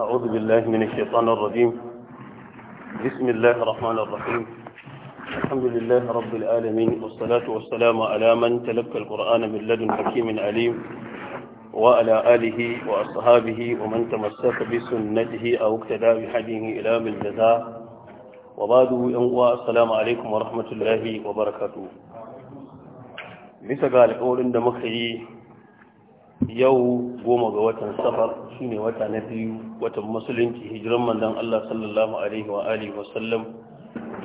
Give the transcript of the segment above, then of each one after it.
أعوذ بالله من الشيطان الرجيم بسم الله الرحمن الرحيم الحمد لله رب العالمين والصلاة والسلام على من تلقى القرآن من لدن حكيم عليم وعلى آله وأصحابه ومن تمسك بسنته أو اقتدى بحديه إلى بالجزاء وبعد السلام عليكم ورحمة الله وبركاته bisa ga alƙawarin yau goma ga watan safar shi ne wata na biyu watan musulunci hijiran mandan Allah sallallahu Alaihi wa Alihi wasallam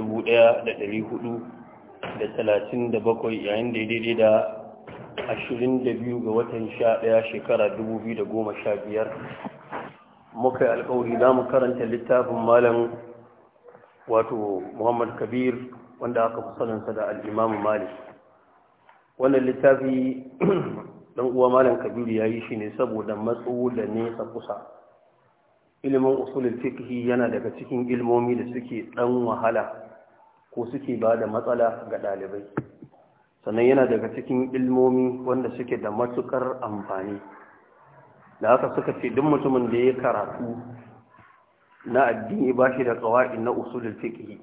1437 yayin da daidai da 22 ga watan 11 shekara 2015 muka yi alkawari za mu karanta littafin malam wato Muhammad Kabir wanda aka fi saninsa da al'imamu Malik wannan littafi dan uwa malam kabiru ya yi shi ne saboda matso da nesa kusa ilimin usulul fiqhi yana daga cikin ilmomi da suke dan wahala ko suke ba da matsala ga dalibai sannan yana daga cikin ilmomi wanda suke da matukar amfani da haka suka ce duk mutumin da ya karatu na addini ba shi da kawai na usulul fiqhi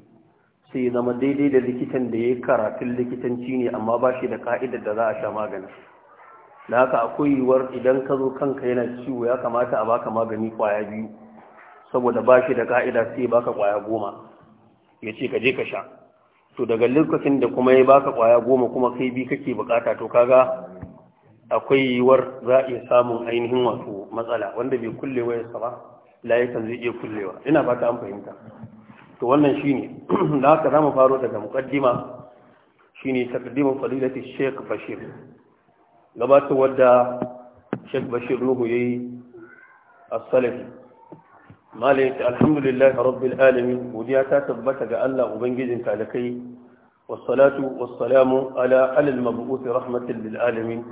sai zama daidai da likitan da ya karatun likitanci ne amma ba shi da ka'idar da za a sha magani da haka akwai yiwuwar idan ka zo kanka yana ciwo ya kamata a baka magani kwaya biyu saboda ba shi da ka'ida sai baka kwaya goma ya ce ka je ka sha to daga lokacin da kuma ya baka kwaya goma kuma kai bi kake bukata to kaga akwai yiwuwar za a iya samun ainihin wato matsala wanda bai kullewa ya saba layukan zai iya kullewa ina fata an fahimta to wannan shine da haka za mu faro daga muqaddima shine taqdimu fadilati Sheikh Bashir Gabata wadda Sheikh Bashir Nuhu yayi as-salafi malai alhamdulillah rabbil alamin godiya ta tabbata ga Allah ubangijin talakai wassalatu wassalamu ala alal mabu'uth rahmatil lil alamin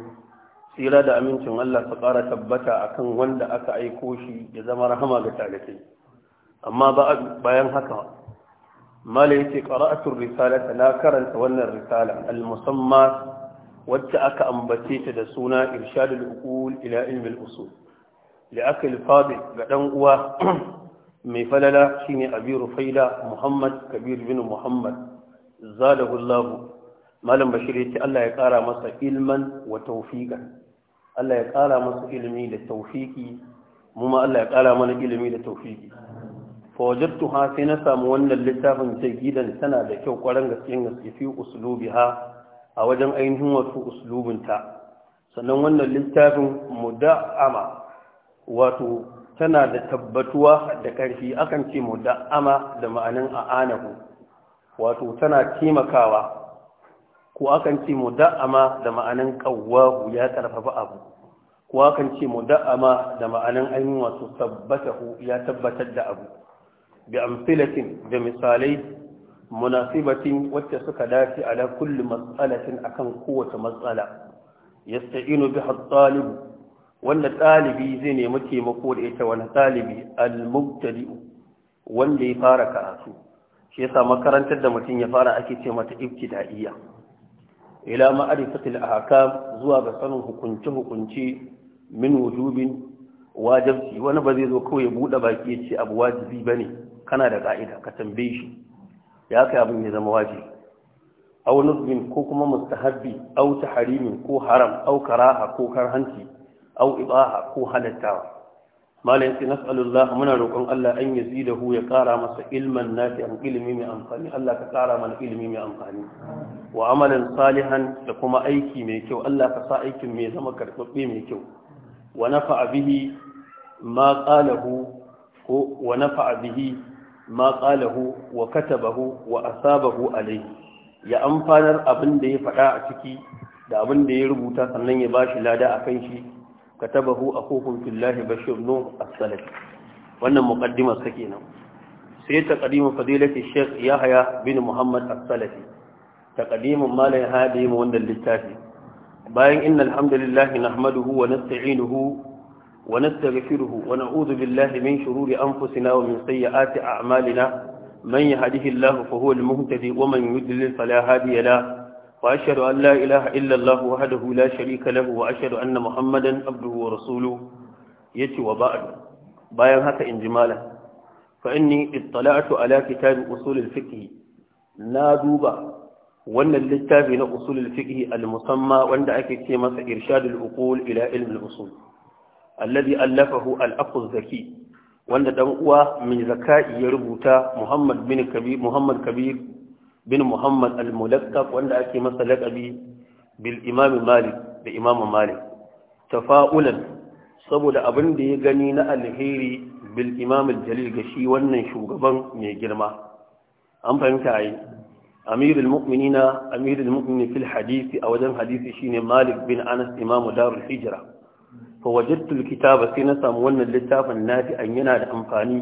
tsira da amincin Allah ta kara tabbata akan wanda aka aiko shi ya zama rahama ga talakai amma bayan haka malai yace qara'atul risalata na karanta wannan risala al-musamma wacce aka ambace ta da suna irshadul uqul ila ilmi al-usul li akil fadi ga dan uwa mai falala shine abi rufaida muhammad kabir bin muhammad zadahu allah malam bashir yace Allah ya kara masa ilman wa tawfiqan Allah ya kara masa ilimi da tawfiki mu ma Allah ya kara mana ilimi da tawfiki fa ha sai na samu wannan littafin sai gidan tana da kyau kwaran gaskiyan gaske fi uslubiha a wajen ainihin wato uslubinta sannan wannan littafin muda'ama wato tana da tabbatuwa da ƙarfi akan ce muda'ama da ma'anin a anahu wato tana taimakawa ko akan ce muda'ama da ma'anin qawwahu ya ƙarfafa abu ko akan ce muda'ama da ma'anin ainihin wato tabbatahu ya tabbatar da abu bi amfilatin da misalai munasibatin wacce suka dace ala kulli matsalatin akan kowace matsala yasta'inu bi har ɗalibu. wanda talibi zai nemi taimako da ita wani talibi al-mubtadi wanda ya fara karatu shi yasa makarantar da mutum ya fara ake ce mata ibtida'iyya ila ma'arifatil ahkam zuwa ga sanin hukunce-hukunce, min wujubin wajibi wani ba zai zo kawai ya bude baki ya ce abu wajibi ba ne? kana da ka'ida ka tambaye shi ya kai abin ya zama wajibi aw nuzbin ko kuma mustahabbi aw Harimin ko haram au karaha ko karhanci au ibaha ko halattawa malam sai nas'alullah muna roƙon Allah an yazidahu ya ƙara masa ilman nafi'an ilimi mai amfani Allah ka ƙara mana ilimi mai amfani wa amalan salihan da kuma aiki mai kyau Allah ka sa aikin mai zama karɓaɓɓe mai kyau wa nafa'a bihi ma qalahu ko wa nafa'a bihi ma qalahu wa katabahu wa asabahu alayhi ya amfanar abin da ya faɗa a ciki da abin da ya rubuta sannan ya bashi lada a kan shi katabahu akhukum fillahi bashir nu as-salafi wannan muqaddimar sa kenan sai taqdimu fadilati shaykh yahya bin muhammad as-salafi taqdimun malai hadi mu wannan littafi bayan inna alhamdulillahi nahmaduhu wa nasta'inuhu ونستغفره ونعوذ بالله من شرور أنفسنا ومن سيئات أعمالنا من يهده الله فهو المهتدي ومن يدلل فلا هادي له وأشهد أن لا إله إلا الله وحده لا شريك له وأشهد أن محمدا عبده ورسوله يتي وبعد بايان هكا إنجمالا فإني اطلعت على كتاب أصول الفقه نادوبا وأن للتابع أصول الفقه المسمى وأن أكتمس إرشاد العقول إلى علم الأصول alladhi allafahu al-aqu wanda dan uwa mai zaka'i ya rubuta Muhammad bin Kabir Muhammad Kabir bin Muhammad al-Mulakkab wanda ake masa laqabi bil Imam Malik da Imam Malik tafa'ulan saboda abin da ya gani na alheri bil Imam al-Jalil ga shi wannan shugaban mai girma an fahimta ai أمير المؤمنين أمير المؤمنين في الحديث أو جن حديث شين مالك بن أنس إمام دار الحجرة fa wajadtul kitaba sai na samu wannan littafin nafi an yana da amfani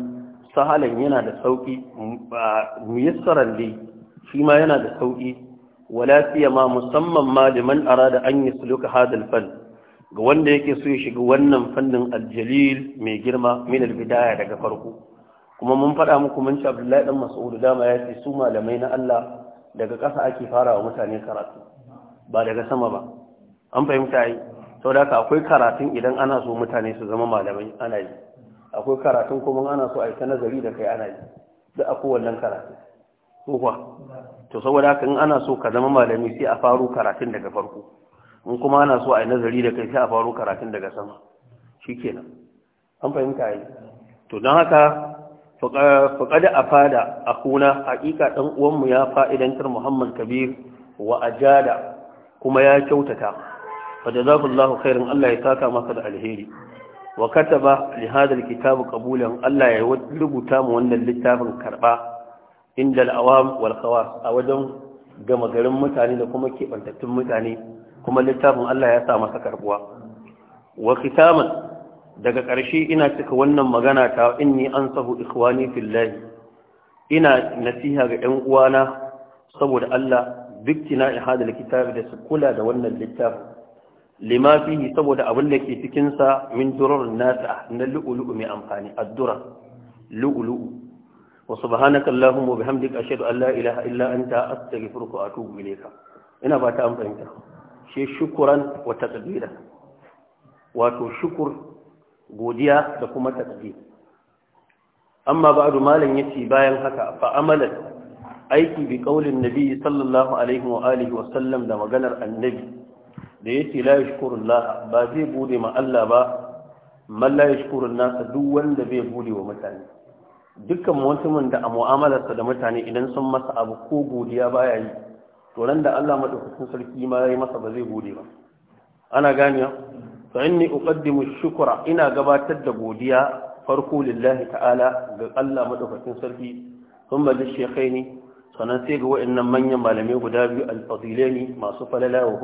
sahalan yana da sauki muyassaran dai shi ma yana da sauki wala ma musamman ma liman arada an yasluka hadal fan ga wanda yake so ya shiga wannan fannin aljalil mai girma min albidaya daga farko kuma mun faɗa muku mun ci abdullahi dan mas'ud dama ya ce su malamai na Allah daga ƙasa ake fara wa mutane karatu ba daga sama ba an fahimta yi sau da akwai karatun idan ana so mutane su zama malamai ana yi akwai karatun kuma ana so a yi ta nazari da kai ana yi da a kowannan karatun kuwa to saboda ka in ana so ka zama malami sai a faru karatun daga farko in kuma ana so a yi nazari da kai sai a faru karatun daga sama shi kenan. an fahimta yi to don haka faƙada a fada a kuna haƙiƙa ɗan uwanmu ya fa'idantar muhammad kabir wa ajada kuma ya kyautata فجزاك الله خيرا الله يكاكا ماك الالهيري وكتب لهذا الكتاب قبولا الله يرغبتا من الكتاب الكربا عند الاوام والخواص اودن gama garin mutane da kuma kebantattun mutane kuma littafin Allah ya sa masa karbuwa wa kitaman daga ƙarshe ina cika wannan magana ta inni ansahu ikhwani fillahi ina nasiha ga ƴan uwana saboda Allah duk tina ihadal kitab da su kula da wannan littafin lima fihi saboda abin da ke cikin min durar nasa na lu'ulu'u mai amfani addura lu'ulu'u wa subhanaka allahumma wa bihamdika ashhadu an la ilaha illa anta astaghfiruka wa atubu ilayka ina ba ta amfani shi shukuran wa taqdira wato shukur godiya da kuma taqdir amma ba'du malan yace bayan haka fa amalan aiki bi qaulin nabi sallallahu alaihi wa alihi wa sallam da maganar annabi da yake la yashkurullah ba zai bude ma Allah ba man la yashkurun nasa duk wanda bai bude wa mutane dukkan mutumin da a mu'amalarsa da mutane idan sun masa abu ko godiya baya yi to nan da Allah madaukakin sarki ma yayi masa ba zai bude ba ana ganiya fa inni uqaddimu shukra ina gabatar da godiya farko lillahi ta'ala ga Allah madaukakin sarki kuma da shekhaini sannan sai ga waɗannan manyan malamai guda biyu alfadilaini masu falala wa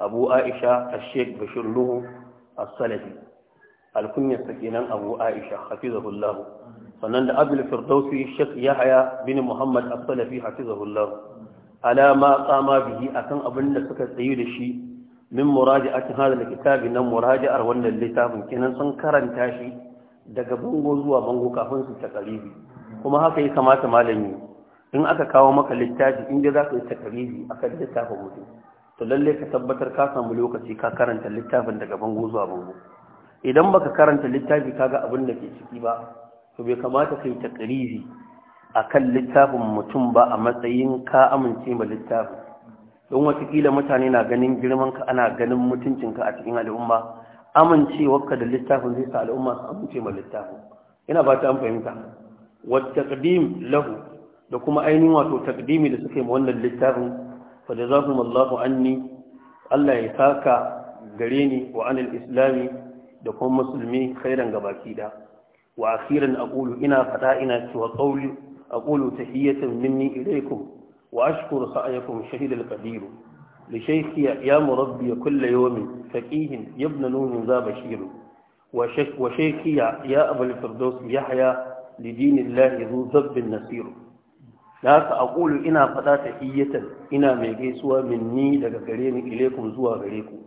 abu aisha ashek bashir luhu as-salafi alkunyar kenan abu aisha hafizahullahu sannan da abul firdausi shek yahaya bini muhammad asalafi. salafi hafizahullahu alama tsama bihi akan abin da suka tsayi da shi min hada da kitabi nan muraji'ar wannan littafin kenan sun karanta shi daga bango zuwa bango kafin su ta karibi kuma haka ya kamata malami in aka kawo maka littafi inda za ka yi ta karibi akan littafin mutum to lalle ka tabbatar ka samu lokaci ka karanta littafin daga bango zuwa bango idan baka karanta littafi ga abin da ke ciki ba to bai kamata kai takriri akan littafin mutum ba a matsayin ka amince ma littafin don watakila mutane na ganin girman ka ana ganin mutuncinka a cikin al'umma amincewarka da littafin zai sa al'umma su amince ma littafin ina ba ta an fahimta taqdim lahu da kuma ainihin wato takdimi da suka ma wannan littafin fa jazakumullahu anni Allah ya saka gare ni wa anil islami da kuma musulmi khairan baki da wa akhiran aqulu ina fada ina cewa qawli aqulu tahiyatan minni ilaykum wa ashkuru sa'yakum shahid al-qadir li shaykhi ya murabbi kull yawm faqih ibn nun za bashir wa shaykhi ya abul firdaus yahya li dinillahi zu zabb nasir da haka ƙulu ina faɗa iyatar ina mai gaisuwa minni daga gare ni ilekun zuwa gare ku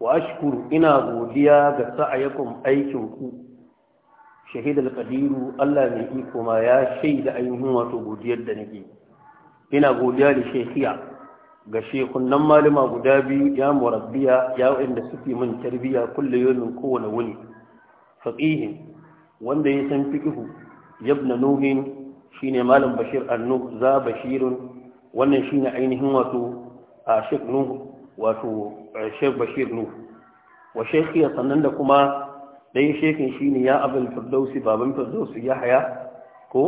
wa ashkuru ina godiya ga sa'ayakum aikin ku al qadiru Allah mai iko ma ya shaida ainihin wato godiyar da nake ina godiya da shekhiya ga shekunnan malama guda biyu ya murabbiya ya wanda suke min tarbiya kullu yawmin kowane wuni faqihin wanda ya san fiƙihu, yabna nuhin Shi ne malam bashir annu za bashirun wannan shi ne ainihin wato a shek nu wato shek bashir nu wa shekhiya sannan da kuma dai shekin shine ya abin firdausi baban firdausi ya haya ko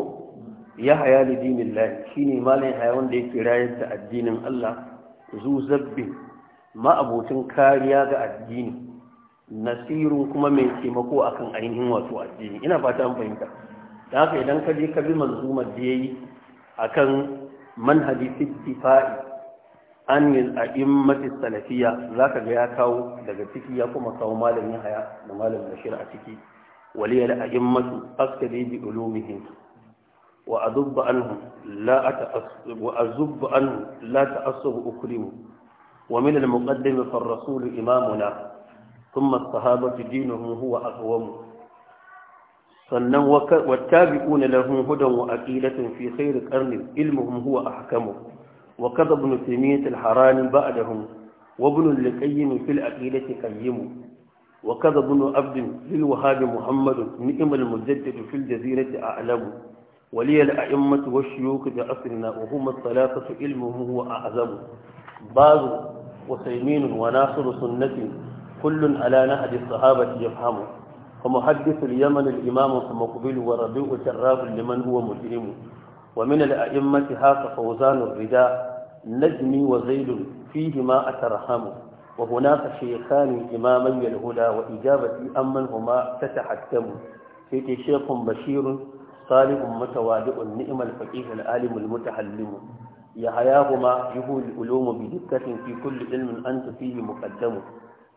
ya haya lai Shi ne malin haya wanda yake rayar yadda addinin allah zu zabbin ma'abocin kariya ga addini nasirun kuma mai taimako akan ainihin wato addini ina fata an fahimta da haka idan ka je ka bi manzumar da yayi akan manhaji ittifai an yi a'immati salafiyya zaka ga ya kawo daga ciki ya kuma kawo malamin haya da malamin bashir a ciki waliyal a'immatu askari bi ulumihim wa azubba anhu la ata'assub wa azubba anhu la wa min al-muqaddim fa ar-rasul imamuna thumma as-sahabatu dinuhum huwa aqwamu sannan wattabi'una lahum hudun wa aqilatun fi khayri qarni ilmuhum huwa ahkamu wa kadha ibn taymiyyah ba a ba'dahum wa ibn al-qayyim fi al-aqidati qayyim wa kadha ibn abd lil wahhab muhammad ni'm al-mujaddid fi al-jazirati a'lamu wa li al-a'immah da shuyukh asrina wa hum al-thalathatu ilmuhum huwa a'zamu ba'd wa saymin wa nasir sunnati kullun ala nahdi as-sahabati yafhamu ومحدث اليمن الإمام المقبل وربيع جراب لمن هو مجرم ومن الأئمة هاك فوزان الرداء نجمي وزيل فيهما أترحم وهناك شيخان إماما الهدى وإجابتي أمن هما تتحكم فيك شيخ بشير صالح متوالئ النئم الفقيه العالم المتحلم يحياهما يهو العلوم بدقة في كل علم أنت فيه مقدم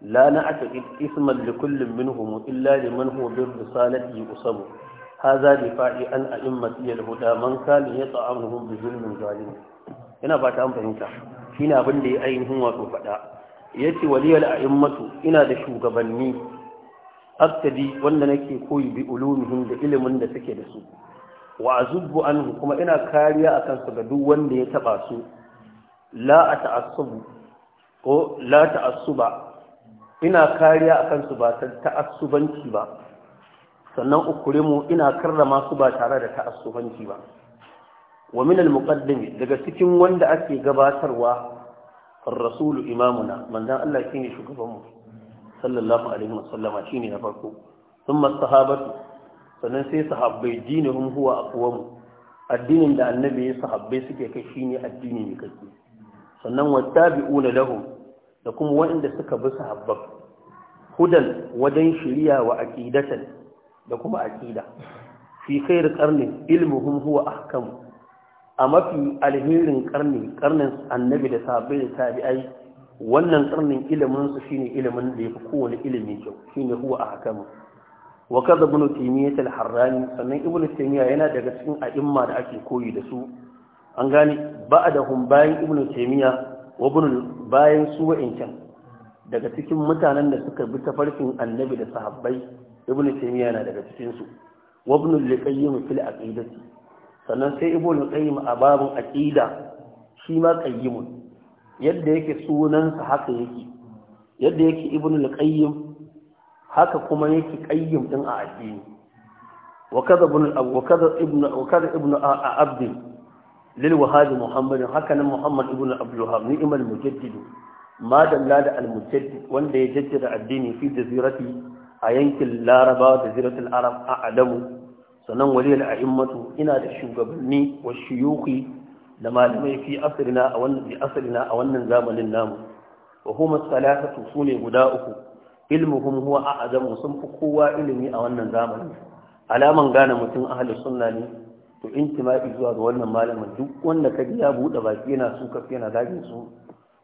لا نعتقد إثما لكل منهم إلا لمن هو بالرسالة يؤصم هذا دفاعي عن أئمتي الهدى من كان يطعنهم بظلم ظالم ina fata an fahimta shi na abin da ya ainihin wato faɗa ya ce waliyar a'immatu ina da shugabanni aktadi wanda nake koyi bi ulumihim da ilimin da suke da su wa azubbu anhu kuma ina kariya a su ga duk wanda ya taba su la ina kariya a kansu ba ta ta'assubanci ba sannan ukurimu ina karrama su ba tare da ta'assubanci ba wa min al-muqaddimi daga cikin wanda ake gabatarwa ar-rasulu imamuna manzon Allah shine shugaban mu sallallahu alaihi wasallama shine na farko thumma sahabatu sannan sai sahabbai dinihum huwa aqwamu addinin da annabi ya sahabbai suke kai shine addini ne kake sannan wattabi'una lahum da kuma waɗanda suka bi sahabban hudan wajen shirya wa aqidatan da kuma aqida fi khair qarni ilmuhum huwa ahkam a mafi alherin karni karnin annabi da sahabbai da tabi'ai wannan karnin ilimin su shine ilimin da yafi kowane ilimi kyau shine huwa ahkam wa kaza ibn taymiyyah al-harrani sannan ibn taymiyyah yana daga cikin a'imma da ake koyi da su an gane ba'dahum bayan ibn taymiyyah wabin bayan su wa'incan daga cikin mutanen da suka bi tafarkin annabi da sahabbai ibn taymiya na daga cikin su wabin liqayyim fil aqidati sannan sai ibn liqayyim a babun aqida shi ma qayyim yadda yake sunan sa haka yake yadda yake ibn liqayyim haka kuma yake qayyim din a addini wa kaza ibn wa kadha ibn wa kadha ibn abd lil wahab Muhammadu, hakanan nan muhammad ibn abdul wahab ni'mal mujaddid ma dalla da al mujaddid wanda ya jaddada addini fi jazirati a yankin Larabawa da ziratul arab a adamu sannan waliyar a'immatu ina da shugabanni wa shuyuki da malamai fi asirina a wannan bi zamanin namu wa huma salatatu sune guda uku ilmuhum huwa a'zamu sun fi kowa ilimi a wannan zamanin alaman gane mutum ahlus sunna ne to intima'i zuwa ga wannan malamin duk wanda ka ji ya buɗe baki yana suka yana dagin su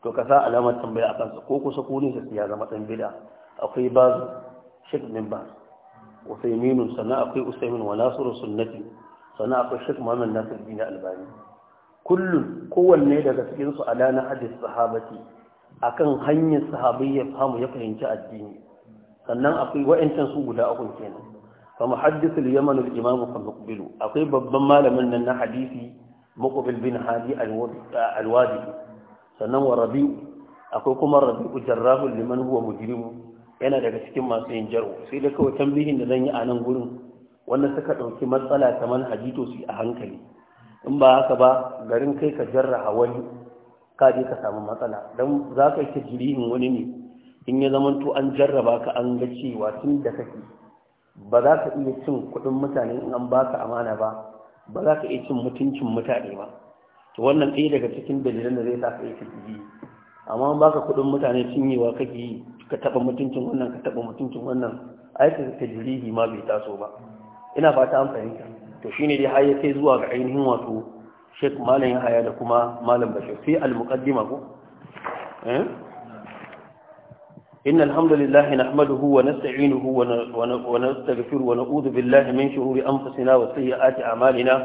to ka sa alamar tambaya a kansa ko kusa ko nesa ya zama ɗan bida akwai ba shek min ba usaiminu sannan akwai usaimin wa nasiru sunnati sannan akwai shek muhammad nasir bin albani kullum kowanne daga cikin su ala na hadis sahabati akan hanyar sahabai ya famu ya fahimci addini sannan akwai wa'ancan su guda uku kenan fa muhaddithul yaman al-imam fa muqbilu akwai babban malamin nan na hadisi muqbil bin hadi al-wadi sannan wa akwai kuma rabi'u jarrafin liman huwa mujrimu yana daga cikin masu yin jaro sai da kawai tambihin da zan yi a nan gurin wanda suka ɗauki matsala ta manhaji to a hankali in ba haka ba garin kai ka jarraha wani ka ka samu matsala don za ka yi ta jirihin wani ne in ya zama an jarraba ka an ga cewa tun da kake ba za ka iya cin kuɗin mutane in an ba ka amana ba ba za ka iya cin mutuncin mutane ba to wannan ɗaya daga cikin dalilan da zai sa ka yi fitigi amma an ka kuɗin mutane cinyewa kake yi ka taɓa mutuncin wannan ka taɓa mutuncin wannan aiki ta jirihi ma bai taso ba ina fata an fahimta to shine dai har ya kai zuwa ga ainihin wato shek Malam Yahaya da kuma Malam Bashir sai al-muqaddima ko eh إن الحمد لله نحمده ونستعينه ونستغفره ونعوذ بالله من شرور أنفسنا وسيئات أعمالنا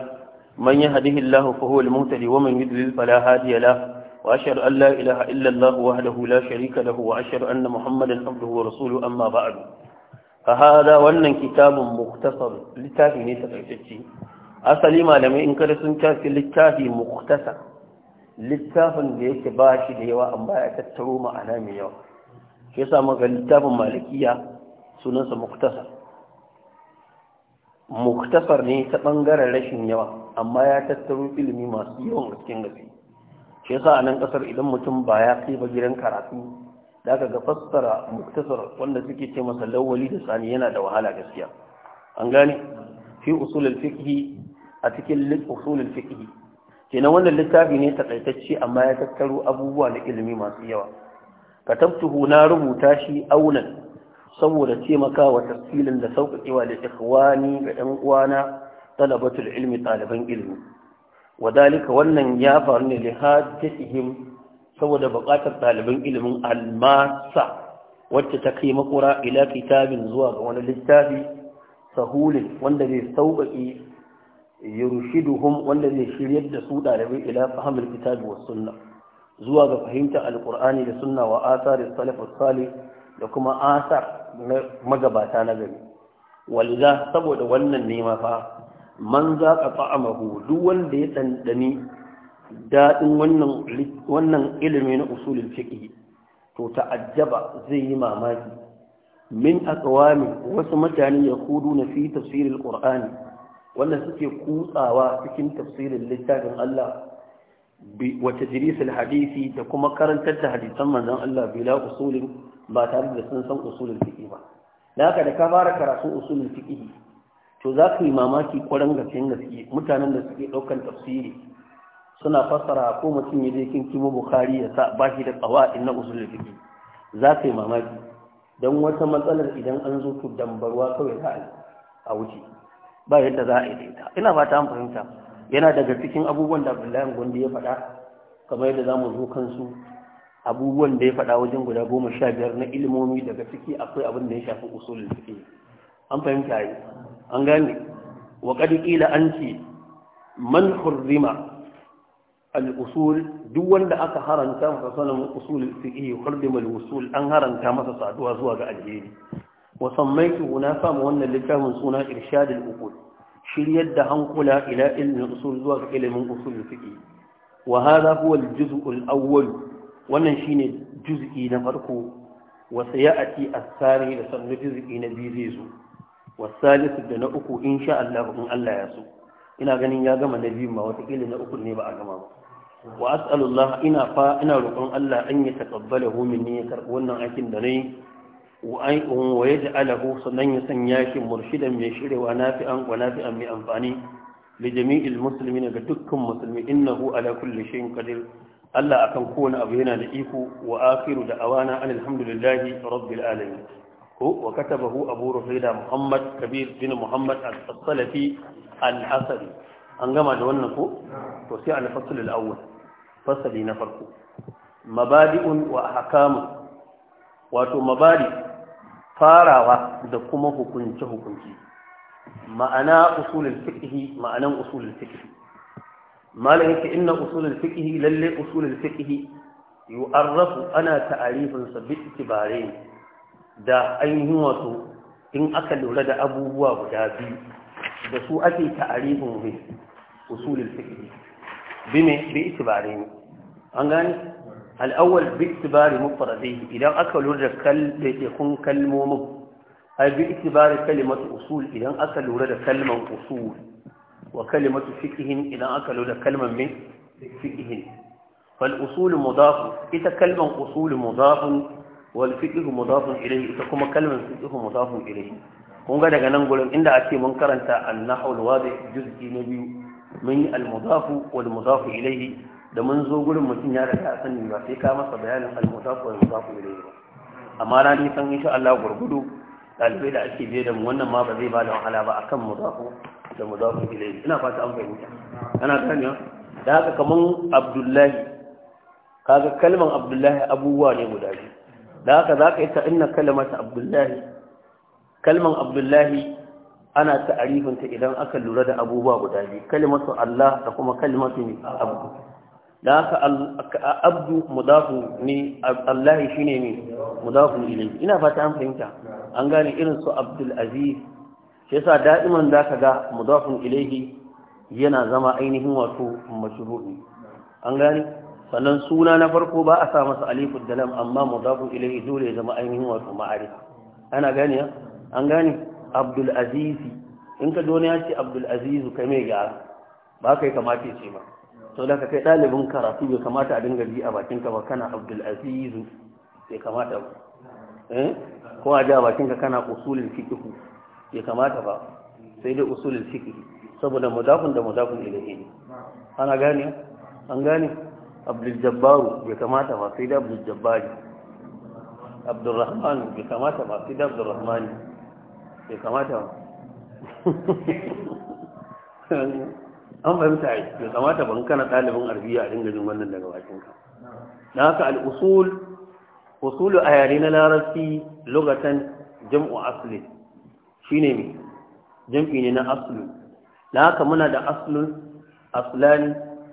من يهده الله فهو المهتدي ومن يضلل فلا هادي له وأشهد أن لا إله إلا الله وحده لا شريك له وأشهد أن محمدا عبده ورسوله أما بعد فهذا وأن كتاب مختصر لتاهي نيسا كيفتي أصلي ما لم ينكر سنكاك لتاهي مختصر littafin da yake ba shi da yawa amma ya tattaro ma'ana mai yawa ya sa maka littafin malikiya sunansa muktasar muktasar ne ta ɓangaren rashin yawa amma ya tattaro ilimi masu yawan gaskin gaske shi yasa a nan ƙasar idan mutum ba ya kai ba gidan karatu da aka ga fassara muktasar wanda suke ce masa lawali da sani yana da wahala gaskiya an gane fi usulul fiqh a cikin usulul fiqh kenan wannan littafi ne takaitacce amma ya tattaro abubuwa na ilimi masu yawa katabtuhu na rubuta shi aunan saboda taimakawa tafsilin da sauƙaƙewa da ikhwani ga ɗan uwana talabatul ilmi ɗaliban ilmi wadalika wannan ya faru ne lihajjatihim saboda buƙatar ɗaliban ilimin almasa wacce ta kai makura ila kitabin zuwa ga wani littafi sahulin wanda zai sauƙaƙe yurushiduhum wanda zai shiryar da su ɗalibai ila fahimtar kitabi was sunna zuwa ga fahimtar alkur'ani da sunna wa da salafus salih da kuma asar magabata na gari walza saboda wannan nema fa man za ka fa'amahu duk wanda ya ɗanɗani daɗin wannan ilimi na usulin fiƙi to ta'ajjaba zai yi mamaki min aqwami wasu mutane ya kudu na fi tafsirin qur'ani wanda suke kutsawa cikin tafsirin littafin Allah wata jirisul hadisi da kuma karantar da hadisan manzan Allah bila usulin ba tare da sun san usulin fiƙi ba da haka da ka fara karatun usulin fiƙi to za ka yi mamaki ƙwarar gaskiyan gaske mutanen da suke ɗaukar tafsiri suna fassara ko mutum ya je kin kimo bukhari ya sa bashi shi da ƙawa na usulin fiƙi za ka yi mamaki don wata matsalar idan an zo to dambarwa kawai za a wuce ba yadda za a yi ita ina fata an fahimta yana daga cikin abubuwan da abdullahi gondi ya faɗa kamar yadda za mu zo kansu abubuwan da ya faɗa wajen guda goma sha biyar na ilimomi daga ciki akwai abin da ya shafi usulul fiqh an fahimta yi an gane wa qad qila man hurrima al-usul duk wanda aka haranta masa sanin usulul fiqh hurrima al-usul an haranta masa saduwa zuwa ga alheri wa sammaitu na samu wannan littafin suna irshadul uqul shiryar da hankula ila ilmin usul zuwa ga ilimin usul fiqi wa hadha huwa al-juz'u awwal wannan shine juz'i na farko wa sayati as-sari da sannu juz'i na biyu zai zo wa salisu da na uku insha Allah in Allah ya so ina ganin ya gama na biyu ma wata kila na uku ne ba a gama ba wa as'alullah ina fa ina roƙon Allah an ya taqabbalahu minni ya karɓi wannan aikin da nayi wa da alahu sannan ya sanya shi murshidan mai shirewa nafi'an wa nafi'an mai amfani li jami'il Musulmi ga dukkan musulmi innahu ala kulli shay'in qadir Allah akan kowane abu yana da iko wa akhiru da awana alhamdulillahi rabbil alamin ko wa katabahu abu rufaida muhammad kabir bin muhammad al-salafi al-asari an gama da wannan ko to sai al-fasl al-awwal fasali na farko mabadi'un wa ahkamu wato mabadi farawa da kuma hukunce hukunci ma'ana usulul fiqh ma'anan usulul fiqh malam yake inna usulul fiqh lalle usulul fiqh yu'arrafu ana ta'arifin sa bi itibare da ainihin wato in aka lura da abubuwa guda biyu da su ake ta'arifin bi usulul fiqh bi me bi itibare an gani al'awwal bi'tibari mufradihi idan aka lura da kalmekun kalmomin ai bi'tibari kalimatu usul idan aka lura da kalman usul wa kalimatu fiqhin idan aka lura da kalman min fiqhin fal usul mudaf ita kalman usul mudaf wal fiqh mudaf ilayhi ita kuma kalman fiqh mudaf ilayhi kun ga daga nan gurin inda ake mun karanta an-nahwu al-wadih juz'i na biyu min al-mudaf wal mudaf ilaihi. da mun zo gurin mutum ya riga a sani ba sai ka masa bayanin almutaku wal mutaku ilayhi ba amma na ni san insha Allah gurgudu dalibai da ake biye da mu wannan ma ba zai ba da wahala ba akan mutaku da mu mutaku ilayhi ina fata an fahimta kana gane da haka kaman Abdullahi kaga kalman Abdullahi abubuwa ne guda biyu da haka zaka yi ta inna kalmata Abdullahi kalman Abdullahi ana ta'arifinta idan aka lura da abubuwa guda biyu kalmatu Allah da kuma kalmatu abu da haka abdu mudafu ne allahi shine ne mudafu ilai ina fata an fahimta an gane irin su abdul aziz shi yasa da'iman da ka ga mudafun ilaihi yana zama ainihin wato mashru'i an gane sannan suna na farko ba a sa masa alifu dalam amma mudafun ilaihi dole zama ainihin wato ma'arifa ana gane an gane abdul aziz in ka dole ya ce abdul aziz kai mai gara ba kai kamata ya ce ba sau da ka kai ɗalibin karatu bai kamata a dinga bi a bakinka ba kana abdulazizu bai kamata ba eh? ko a ji a bakinka kana usulin fikihu bai kamata ba sai dai usulin fikihu saboda mudakun da mudakun ilahi ne ana gane an gane abdul-jabbaru bai kamata ba sai dai abdul-jabbari abdul-rahman bai kamata ba sai dai abdul-rahmani bai kamata ba an fahimta ai bai kamata ban kana ɗalibin arabiya a dinga jin wannan daga bakin ka dan haka al usulu a yare na larabci lokacin jam'u asli ne mai. jam'i ne na aslu dan haka muna da aslun aslani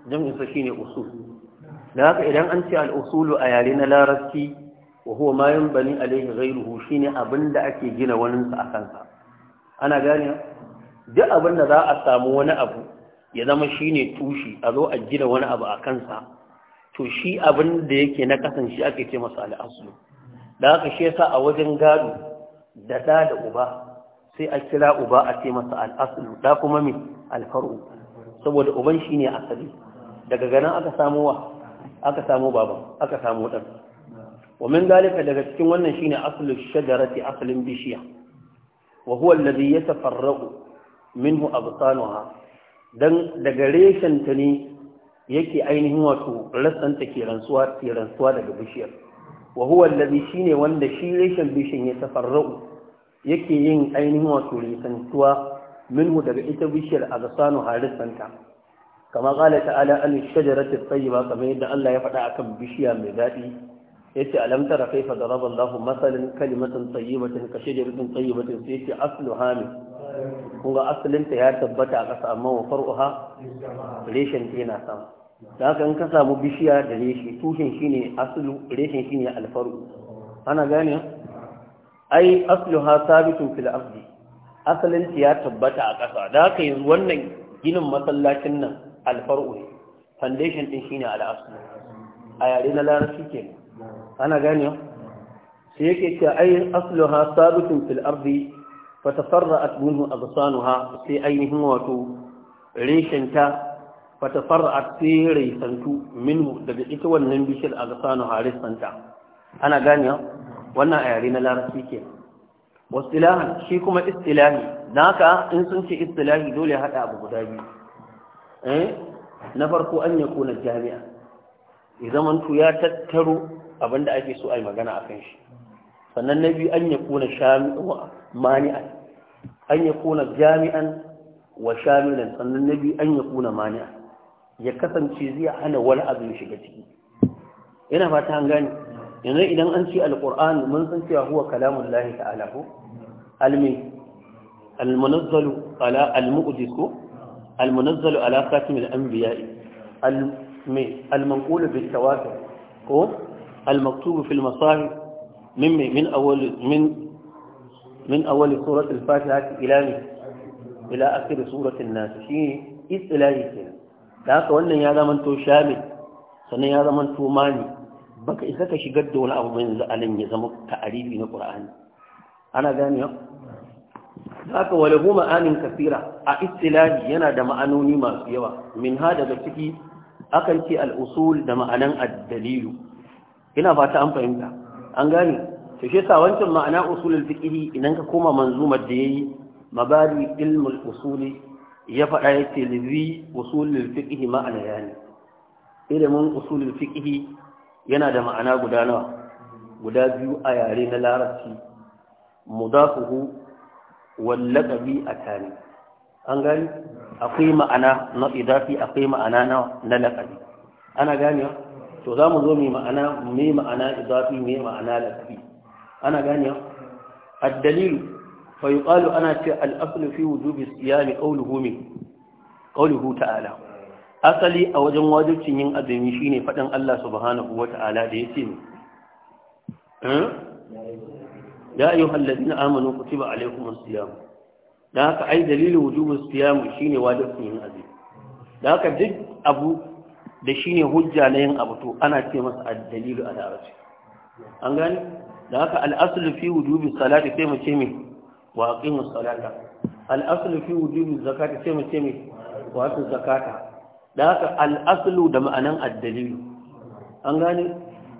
jam'in sa ne usul dan haka idan an ce al a yare na larabci wa huwa ma yanbani alayhi ghayruhu shine da ake gina waninsa a kansa ana gane duk abin da za a samu wani abu ya zama shi ne tushi a zo a gina wani abu a kansa to shi abin da yake na kasan shi ake ce masa al'asu. da aka shi yasa a wajen gado da da da uba sai a kira uba a ce masa al'asu, da kuma mai alfaru saboda uban shi ne asali daga ganin aka samu wa aka samu baban aka samu ɗan ومن ذلك daga cikin wannan shine aslu shajarati aslin bishiya wa huwa alladhi yatafarraqu minhu absanuha don daga reshenta ne yake ainihin wato rassanta ke rantsuwa ke rantsuwa daga bishiyar wa huwa allazi shine wanda shi reshen bishin ya tafarra'u yake yin ainihin wato risantuwa minhu daga ita bishiyar a gasanu harisanta kama kala ta'ala an shajarati tayyiba kamar yadda Allah ya faɗa akan bishiya mai daɗi yace alam tara kaifa daraba Allahu masalan kalimatan tayyibatan ka shajaratin tayyibatin sai yace asluha min kun asalinta ya tabbata a ƙasa amma wa far'uha reshen ta yana sama da haka in ka samu bishiya da reshe tushen ne asalu reshen ne alfaru ana gane ai ha sabitun fil ardi asalinta ya tabbata a ƙasa da haka yanzu wannan ginin masallacin nan alfaru ne foundation din shine al'asul a yare na larabci kenan ana gane sai yake cewa ai ha sabitun fil ardi fatasarra'at minhu absanuha sai ainihin wato reshenta a sai raisantu minhu daga ita wannan bishiyar absanuha raisanta ana gani wannan a yare na larabci kenan wasilahan shi kuma istilahi naka in sun ce istilahi dole haɗa abu guda biyu eh na farko an ya kona jami'a idan mantu ya tattaro abinda ake so a yi magana kan shi sannan na biyu an ya kuna mani'an an ya kuna jami'an wa shamilan sannan na biyu an ya kuna mani'an ya kasance zai hana wani abu ya shiga ciki Yana fata an gane yanzu idan an ce alƙur'an mun san cewa huwa kalamun lahi ta'ala alahu? almi almunazzalu ala almu'jis almunazzalu ala khatimil anbiya'i almi almanqulu ko المكتوب في المصاحف min mai min awali min min awali surat al-fatiha ila ne ila akhir surat an-nas shi kenan da haka wannan ya zama to shamil sannan ya zama to mani baka isa ka shigar da wani abu mai yanzu ya zama ta'aribi na qur'ani ana gane ya haka wale goma anin kafira a istilahi yana da ma'anoni masu yawa min ha daga ciki akan ce al'usul da ma'anan addalilu ina fata an fahimta an gane to shi yasa wancan ma'ana usulul fikihi idan ka koma manzumar da yayi mabari ilmul usuli ya faɗa yace lizi usulul fiqh ma'ana yani ilimin usulul fikihi yana da ma'ana guda nawa guda biyu a yare na larabci mudafuhu wal laqabi atani an gani akwai ma'ana na idafi akwai ma'ana na laqabi ana ganewa to za mu zo mai ma'ana mai ma'ana izafi mai ma'ana lafi ana gani ad-dalil fa yuqalu ana ce al-aslu fi wujubi siyami qawluhu min qawluhu ta'ala asali a wajen wajibcin yin azumi shine fadin Allah subhanahu wata'ala da yake ne eh? ya ayyuhal ladina amanu kutiba alaykumus siyam dan haka ai dalilin wujubi siyam shine wajibcin yin azumi da haka duk abu da shi ne hujja na yin abu to ana ce masa dalilu a larabci an gani da haka al'asulu fi wujubi salati sai mu ce mai wa aqimus salata al'asulu fi wujubi zakati sai mu ce mai wa zakata da haka al'asulu da ma'anan addalilu an gani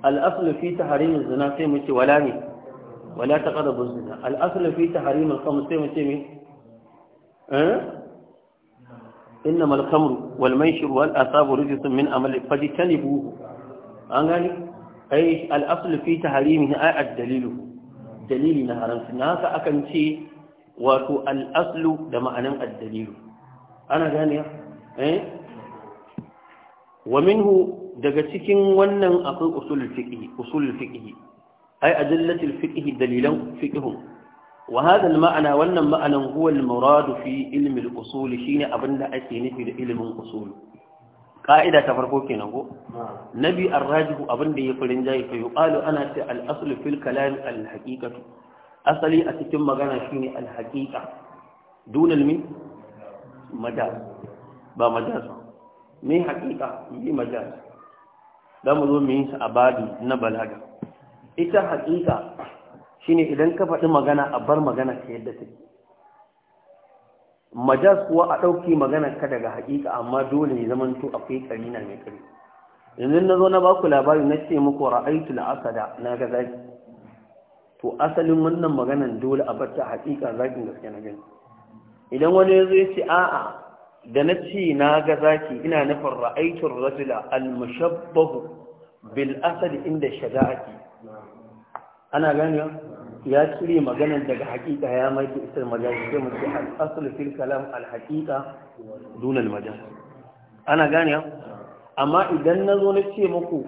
al'asulu fi tahrimin zina sai mu ce wala ne wala taqrabu zina al'asulu fi tahrimil khamr sai mu ce mai eh inna malkamru walmaishir wal asabu rijisun min amal fadi tanibuhu an gani ai al asl fi tahrimihi ai ad dalilu dalili na haram sun haka akan ce wato al da ma'anan ad dalilu ana gani eh wa minhu daga cikin wannan akwai usul fiqi usul fiqi ai adillatul fiqi dalilan fiqihum وهذا المعنى وأن معنى هو المراد في علم الأصول شين أبن أتيني في علم الأصول قاعدة تفرقوك نقول نبي الراجح أبن دي يقولين جاي فيقال أنا في الأصل في الكلام الحقيقة أصلي أتتم مغانا شين الحقيقة دون المين مجاز با مجاز مي حقيقة مي مجاز دام ذو مين أبادي نبلغ إذا حقيقة shine idan ka faɗi magana a bar magana ta yadda take majas kuwa a ɗauki magana ka daga haƙiƙa amma dole ne zaman to akwai ƙarina mai ƙari yanzu na zo na ba ku labari na ce muku ra'aitu la'asada na ga zaki to asalin wannan maganan dole a bata haƙiƙa zakin gaske na gani idan wani ya zo ya ce a'a da na ce na ga zaki ina nufin ra'aitun rajula al-mushabbahu bil asali inda shaga'ati ana ganewa ya cire maganar daga hakika ya mai isar majalis sai mutu asali fil kalam al hakika dunal majal ana gane amma idan na zo na ce muku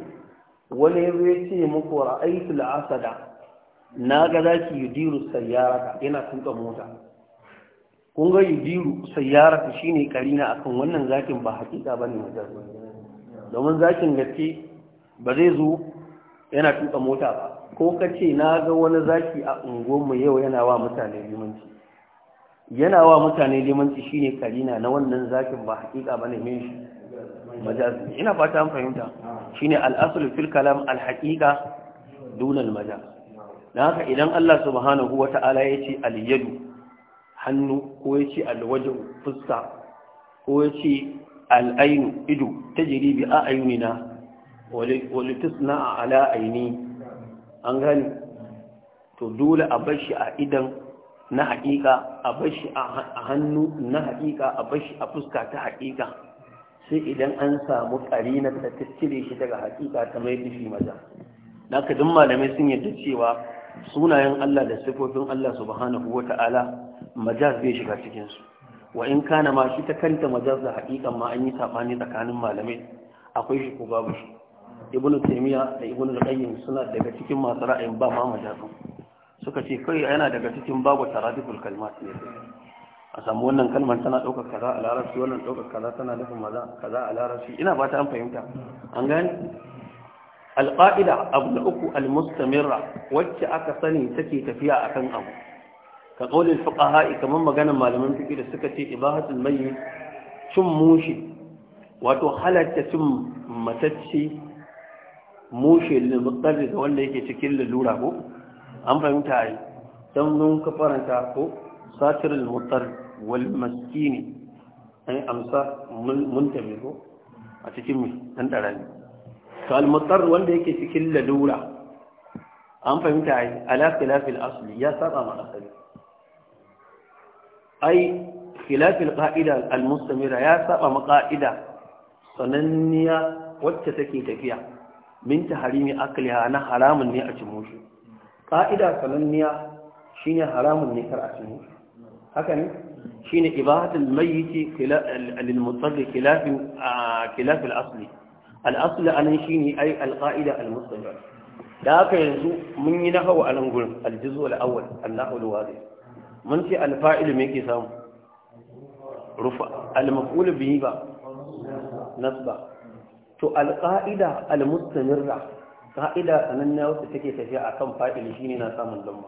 wani ya ya ce muku ra'aitul asada na ga zaki yudiru sayyaraka yana tuka mota kun ga yudiru sayyaraka shine karina akan wannan zakin ba hakika bane majal domin zakin gaske ba zai zo yana tuka mota ba ko ka ce na ga wani zaki a mu yau yana wa mutane limanci yana wa mutane limanci shine karina na wannan zakin ba haƙiƙa bane min shi majazi ina ba ta fahimta shine al-aslu fil kalam al-haqiqa dun al haka idan Allah subhanahu wata'ala yace al-yadu hannu ko ya al-wajhu fuska ko yace al-ainu ido ta a a'yunina wa litusna ala aini an gani to dole a bashi shi a idan na haƙiƙa a bar a hannu na haƙiƙa a bar a fuska ta haƙiƙa sai idan an samu ƙarinar da ta shi daga haƙiƙa ta mai dufi maza na dun malamai sun yadda cewa sunayen Allah da sifofin Allah subhanahu wa ta'ala majaz zai shiga cikinsu wa in kana ma shi ta kanta majaz da haƙiƙan ma an yi saɓani tsakanin malamai akwai shi ko babu shi ibnu taymiya da Ibn al-qayyim suna daga cikin masu ra'ayin ba ma majazu suka ce kai yana daga cikin babu taradiful kalmat ne a samu wannan kalmar tana ɗaukar kaza a larabci wannan ɗaukar kaza tana nufin maza kaza a larabci ina ba ta an fahimta an gane alƙa'ida abu na uku almustamirra wacce aka sani take tafiya akan abu ka ƙaunin fuqaha kamar maganar malaman fiqh da suka ce ibahatul mayyit cin mushi wato halatta cin matacce mushe lulmutsari ga wanda yake cikin lalura ko an fahimta yi don nun ka faranta ko satirin mutsar wal maskini an amsa mun tafi ko a cikin mai ɗan ne. to almutsar wanda yake cikin lalura an fahimta yi alafilafil asali ya saba ma asali ai filafil al almustamira ya saba ma ƙa'ida sananniya wacce take tafiya min tahrimi akliha na haramun ne a cimo shi ka'ida sananniya shine haramun ne kar a cimo shi haka ne shine ibadatul mayyit lil mutlaq khilaf khilaf al asli al a anan shine ay al qa'ida al da haka yanzu mun yi nahawu a nan gurin al juz'u al awwal mun ce al fa'il me yake samu rufa al maf'ul bihi ba nasba to alƙa'ida almustamirra ƙa'ida sananna wacce take tafiya akan fa'il shine na samun damma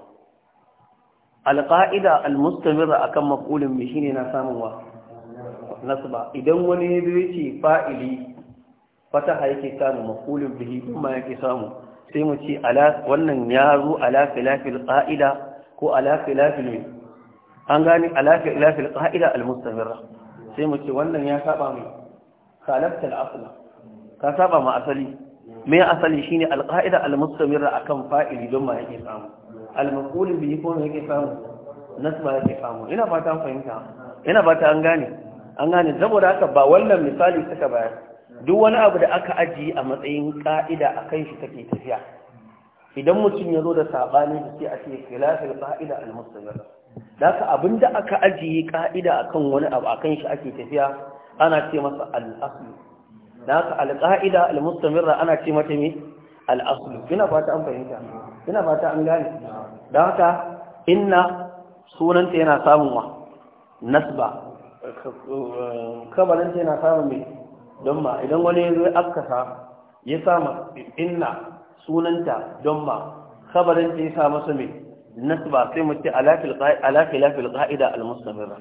alƙa'ida almustamirra akan maf'ulin bi shine na samun wa nasba idan wani ya biyo ce fa'ili fataha yake samu maf'ulin bihi kuma yake samu sai mu ce ala wannan ya zo ala filafil ƙa'ida ko ala filafil mai an gani ala filafil ƙa'ida almustamirra sai mu ce wannan ya saba mai khalafta al'asla ka saba ma asali mai asali shine alqaida almustamirra akan fa'ili don ma yake samu almaqul bihi ko yake samu nasba yake samu ina fata an fahimta ina fata an gane an gane saboda haka ba wannan misali suka bayar duk wani abu da aka ajiye a matsayin ka'ida kan shi take tafiya idan mutum ya zo da saɓani da sai a ce filafil ƙa'ida al-mustajar da ka abinda aka ajiye ƙa'ida a kan wani abu a kan shi ake tafiya ana ce masa al'asu da haka alƙa'ida almustamirra ana ce mata me al'aslu ina fata an fahimta ina fata an gane da haka inna sunanta yana samun wa nasba kabalanta yana samun mai don ma idan wani ya zo akasa ya sama inna sunanta don ma kabalanta ya sa su mai nasba sai mu ce ala khilafil qa'ida al-mustamirra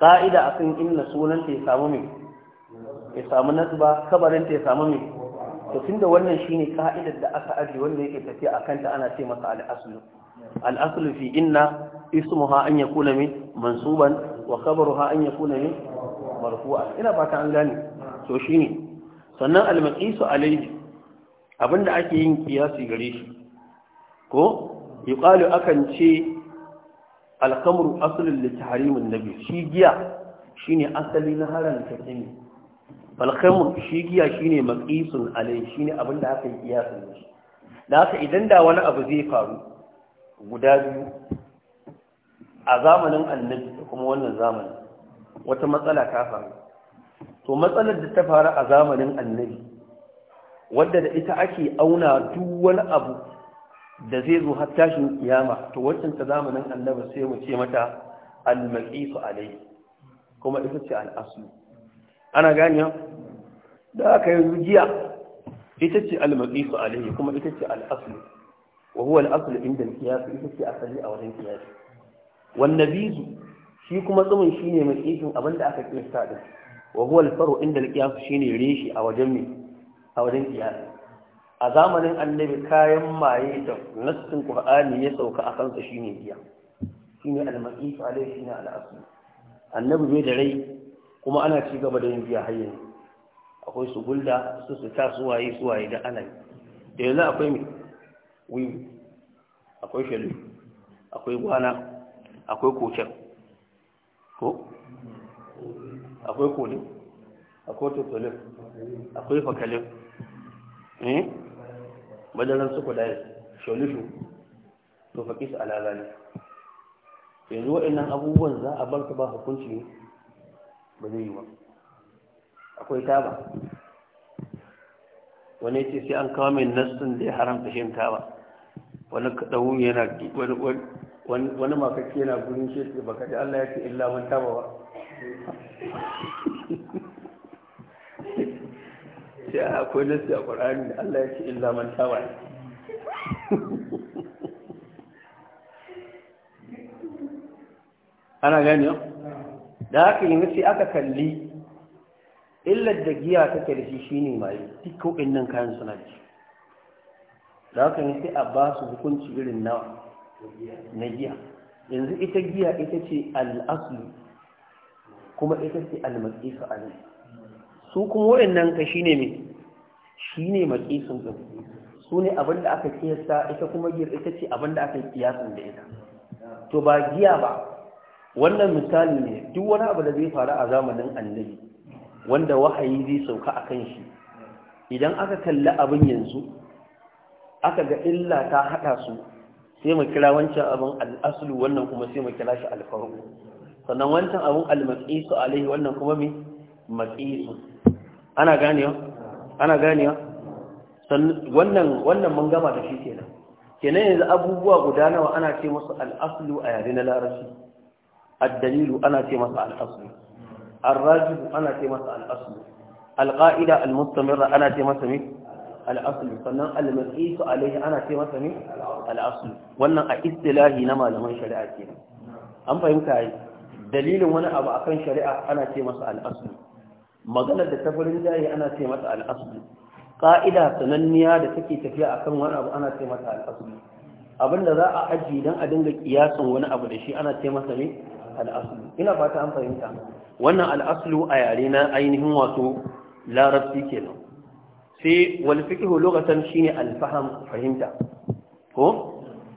qa'ida akan inna sunanta ya samu me ya samu nasba kabarinta ya samu mai to wannan shine ka'idar da aka ajiye wanda yake tafiya a kanta ana ce masa al-aslu fi inna ismuha an yakuna min mansuban wa khabaruha an yakuna min ina an gane to ne, sannan al-maqisu alayhi abinda ake yin kiyasi gare shi ko yuqalu akan ce al-khamru aslun li tahrimin nabi shi giya shine asali na haranta kimi falkhamu shi giya shine maqisun alai shine abin da aka yi kiyasin shi da haka idan da wani abu zai faru guda biyu a zamanin annabi kuma wannan zamanin wata matsala ta faru to matsalar da ta faru a zamanin annabi wadda da ita ake auna duk wani abu da zai zo har tashin kiyama to wancan ta zamanin annabi sai mu ce mata al-maqisu alai kuma ita ce al-aslu ana ganiya da aka yi rujiya ita ce almaqisu alaihi kuma ita ce al-aslu wa huwa al-aslu inda al-qiyas ita ce asali a wajen qiyas wan nabizu shi kuma tsumin shine mai ikin abinda aka kiyasta din wa huwa al-faru inda al-qiyas shine reshi a wajen me a wajen qiyas a zamanin annabi kayan maye da nassin qur'ani ya sauka a kansa shine giya shine al-maqisu alaihi shine al-aslu annabi bai da rai kuma ana ci gaba da yin biya har yanzu akwai su gulda su su ta suwaye suwaye da ana da yanzu akwai mai wiwi akwai shalu akwai gwana akwai kocin ko akwai kolin akwai tutulin akwai fakalin eh madaran su kudayen shalushu to faƙi su alalali yanzu waɗannan abubuwan za a bar ba hukunci ne ba zai yi ba akwai taba wani ce sai an kawo mai nassun da ya haramta shan taba wani kaɗau yana wani makaki yana gurin shi ba ka ji Allah ya ce illa man taba ba sai akwai nassi a ƙwararri da Allah ya ce illa man taba ana gani yau da haka yi sai aka kalli illar da giya ta da shi ne mai duk nan kayan suna da shi da haka yi sai a ba su hukunci irin na na giya yanzu ita giya ita ce al'aslu kuma ita ce al-maqisu alai su kuma nan ka shi ne shine maqisun din su ne abin da aka kiyasta ita kuma giyar ita ce abin da aka kiyasin da ita to ba giya ba wannan misali ne duk wani abu da zai faru a zamanin annabi wanda wahayi zai sauka a kan shi idan aka kalli abin yanzu aka ga illa ta haɗa su sai mu kira wancan abin al'asulu wannan kuma sai mu kira shi alfaru sannan wancan abin almatsisu alaihi wannan kuma mai matsisu ana ganewa ana ganewa wannan wannan mun gama da shi kenan kenan yanzu abubuwa guda nawa ana ce musu al'asulu a yare na larabci addalilu ana ce masa al'aslu arrajihu ana ce masa al'aslu alqa'ida almustamirra ana ce masa me al'aslu sannan almaqisu alaihi ana ce masa me al'aslu wannan a istilahi na malaman shari'a kenan an fahimta yi dalilin wani abu akan shari'a ana ce masa al'aslu maganar da tafarin jayi ana ce masa al'aslu ƙa'ida sananniya da take tafiya akan wani abu ana ce masa al'aslu abinda za a aji don a dinga kiyasan wani abu da shi ana ce masa ne al'aslu ina fata an fahimta wannan al'aslu a yare na ainihin wato larabci nan. sai wal lokacin lughatan shine alfaham fahimta ko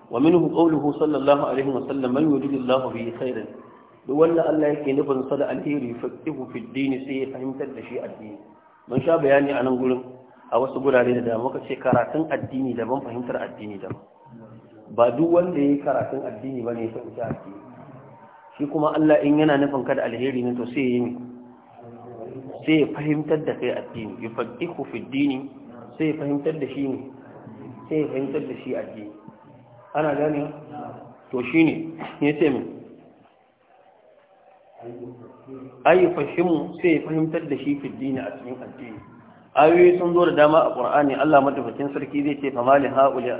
wa minhu qawluhu sallallahu alaihi wa sallam man yuridillahu bihi khairan duk wanda Allah yake nufin sa da alheri fiqhu fi sai ya fahimtar da shi addini mun sha bayani a nan gurin a wasu gurare da dama muka ce karatun addini daban fahimtar addini daban ba duk wanda ya yi karatun addini ba ne ya fahimci addini shi kuma Allah in yana nufin kada alheri ne to sai yi sai fahimtar da kai addini yufaqihu fi dini sai fahimtar da shi ne sai fahimtar da shi addini ana gane to shine yace min ayi fahimu sai fahimtar da shi fi dini a cikin addini ayoyi sun zo da dama a ƙwar'ani Allah matafakin sarki zai ce famali ha'ula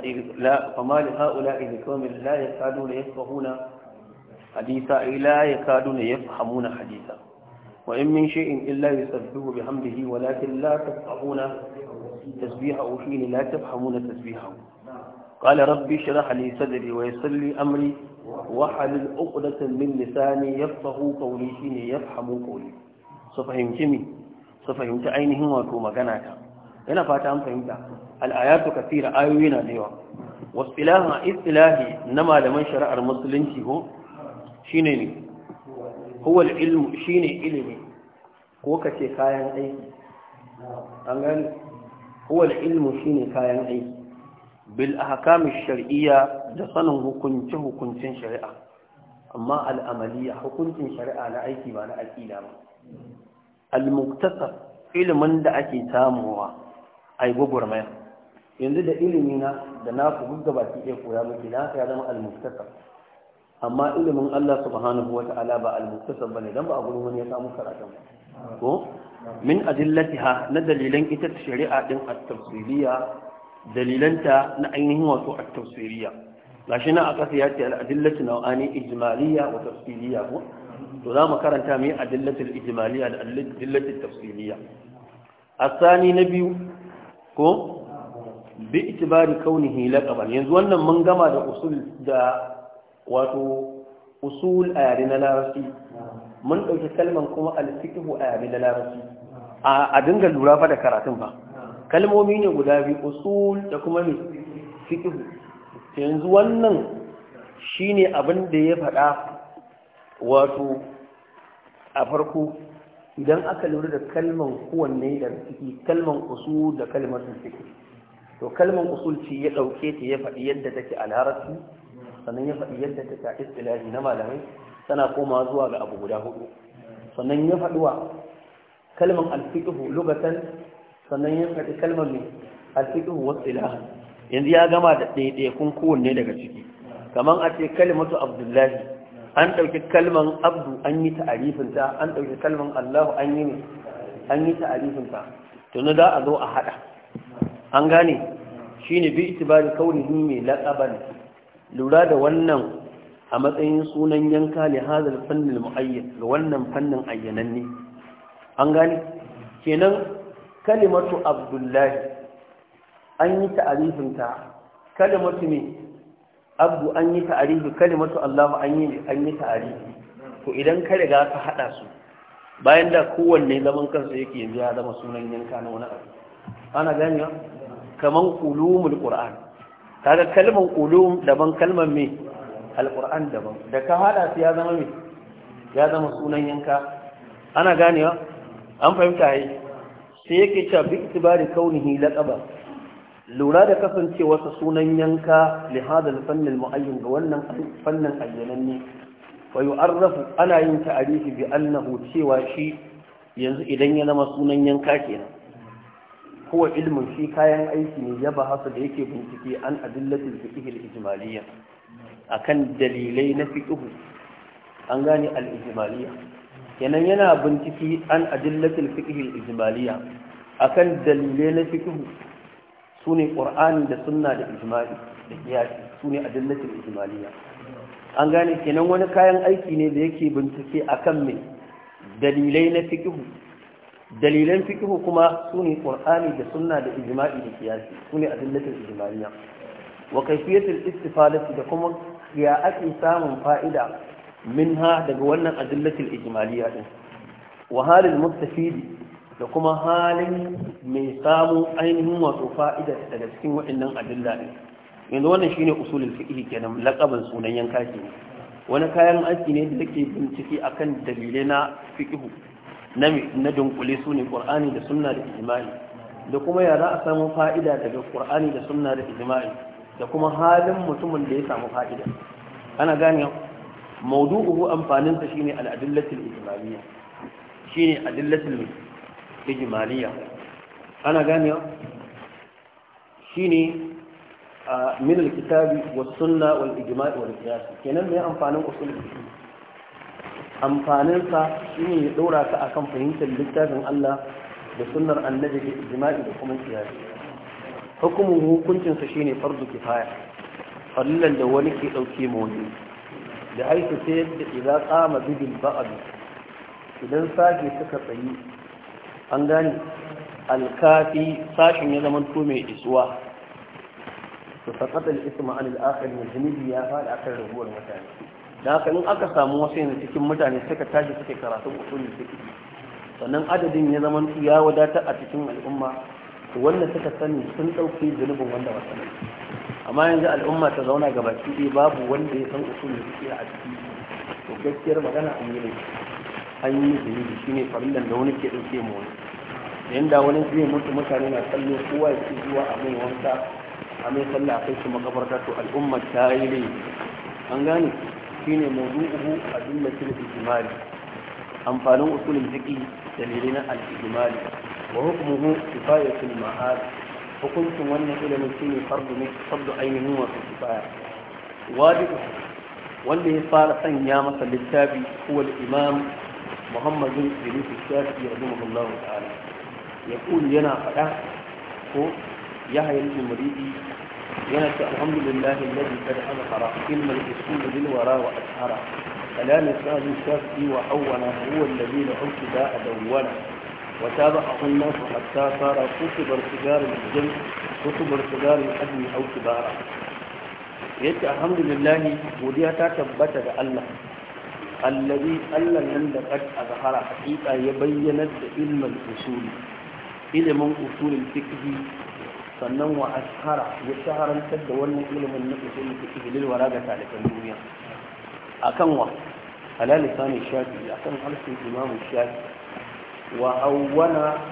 izikomin la ya sadu da ya fahuna hadisa ila yakaduna yafhamuna hadisa wa in min shay'in illa yusabbihu bihamdihi walakin la tafqahuna tasbihahu shine la tafhamuna tasbihahu qala rabbi shrah li sadri wa yassir li amri wahalil uqdatan min lisani yafqahu qawli shine yafhamu qawli su fahimci mi su fahimci ainihin wato magana ta yana fata an fahimta al'ayatu kathira ayoyi na da yawa wasilaha istilahi na malaman shari'ar musulunci ko shine ne huwa ilmu shine ilimi ko ka kayan aiki an gani huwa ilmu shine kayan aiki bil ahkam shar'iyya da sanin hukunce hukuncin shari'a amma al'amaliya hukuncin shari'a na aiki ba na aqida ba al-muktasab ilimin da ake samuwa ai gugurmaya yanzu da ilimi na da na ku gaba ki iya koya miki na ka zama al-muktasab amma ilimin Allah subhanahu wa ta'ala ba al ba ne dan ba a gurin wani ya samu karatun ko min adillatiha na dalilan ita shari'a din at-tafsiliya dalilanta na ainihin wato at-tafsiliya gashi na a ƙasa ya ce al-adillatu nawani ijmaliya wa tafsiliya ko to za mu karanta mai adillatul ijmaliya da adillatul tafsiliya asani na biyu ko bi itibari kaunihi laqaban yanzu wannan mun gama da usul da wato usul a yare na larabci mun ɗauki kalman kuma alfikihu a yare na larabci a dinga lura fa karatun ba kalmomi ne guda biyu usul da kuma ne fikihu yanzu wannan shine abin da ya faɗa wato a farko idan aka lura da kalman kowanne da ciki kalman usul da kalmar fikihu to kalman usul ce ya ɗauke ta ya faɗi yadda take a larabci sannan ya faɗi yadda ta ta istilahi na malamai tana komawa zuwa ga abu guda hudu sannan ya faɗi wa kalmar alfiɗuhu lugatan sannan ya faɗi kalmar ne alfiɗuhu wasu ilahan yanzu ya gama da ɗaiɗaikun kowanne daga ciki kamar a ce kalmatu abdullahi an ɗauki kalmar abdu an yi ta'arifinta an ɗauki kalmar allahu an yi an yi ta'arifinta tuni za a zo a haɗa an gane shi ne bi itibari kauri ni mai laƙaban lura da wannan a matsayin sunan yanka ne hazar fannin mu'ayyar ga wannan fannin ne. an gani kenan kalimatu abdullahi an yi ta'arifinta kalimatu ne abdu an yi ta'arifi kalimatu allahu an yi an yi ta'arifi idan ka riga ka hada su bayan da kowanne zaman kansa yake yanzu ya zama sunan yanka na wani abu ana ganewa kaman ulumul qur'an kaga kalmar ulum daban kalmar me alquran daban da ka hada su ya zama me ya zama sunan yanka ana ganewa an fahimta yi sai yake cewa bi itibari kaunihi laqaba lura da kasancewarsa sunan yanka li hada al muayyan ga wannan fannin ayyananne fa yu'arrafu ana yin ta'arifi bi annahu cewa shi yanzu idan ya zama sunan yanka kenan huwa ilmin shi kayan aiki ne ya bahasa da yake bincike an adillatul fiqh al akan dalilai na fiqh an gane al kenan yana bincike an adillatul fiqh al akan dalilai na fiqh sune qur'ani da sunna da ijmali da qiyas sune adillatul ijmaliyya an gane kenan wani kayan aiki ne da yake bincike akan dalilai na fiƙihu. dalilan fikihu kuma su ne ƙur'ani da sunna da ijma'i da kiyasi su ne adillatul ijma'iyya wa kayfiyatul istifadati da kuma ya ake samun fa'ida minha daga wannan adillatul ijmaliya din wa halil mustafidi da kuma halin mai samu ainihin wato fa'ida daga cikin waɗannan adilla din yanzu wannan shine usulul fiqh kenan lakabin sunan yanka ne wani kayan aiki ne da yake bincike akan dalilai na fiqh na dunkule su ne ƙur'ani da sunna da ijma'i da kuma ya za a samu fa'ida daga ƙur'ani da sunna da ijma'i da kuma halin mutumin da ya samu fa'ida ana gane maudu'uhu amfaninsa shine al'adillatul ijmaliyya shine adillatul ijimaliya. ana gane shine min alkitabi was sunna wal ijma' wal qiyas kenan me amfanin usul fiqh amfaninsa shine ya ɗora ka akan fahimtar littafin Allah da sunnar annabi da jima'i da kuma kiyasi hukumin hukuncinsa shine fardu kifaya fallan da wani ke ɗauke ma da aiki ta yadda iza tsama bibin ba'adu idan sage suka tsayi an gane alkafi sashin ya zama to mai isuwa Su faqata isma'an isma an al-akhir min ya fara akan rabuwar mutane da haka in aka samu wasu yanzu cikin mutane suka tashi suke karatun usulul suke, sannan adadin ya zama ya wadata a cikin al'umma to wanda suka sani sun dauki zunubin wanda ba sani amma yanzu al'umma ta zauna gaba ɗaya babu wanda ya san usulul suke a ciki to gaskiyar magana an yi an yi zunubi shine farillan da wani ke dauke mu wani da wani zai mutu mutane na kallo kowa ya ci zuwa a mai wanka a mai sallah a kai su makabarta to al'umma ta yi laifi an gane shine mawdu'uhu a jumlatul ijmali amfanin usulul fiqi dalilin na ijmali wa hukmuhu kifayatul ma'ad hukuncin wannan ilimin shine fardu ne fardu ainihin wa kifaya wajibi wanda ya fara sanya masa littafi huwa al-imam محمد بن الشافعي رحمه الله تعالى يقول لنا فدا هو يحيى المريدي ياك الحمد لله الذي قد أظهر علم الأصول بالوراء وأشهر كلام الساد شافي وحول هو الذي لهم فداء دونا وتابعه الناس حتى صار كتب الحجار الحجم كتب الحجار الحجم أو كبارا ياك الحمد لله وديا تثبت الله الذي ألا عند قد أظهر حقيقة يبينت علم الأصول إلى من أصول الفكر sannan wa ashara ya shaharantar da wannan ilimin na usul fiqh lil wara ga taliban duniya A kan wa halalisa ne shafi a kan harshen imam shafi wa awwala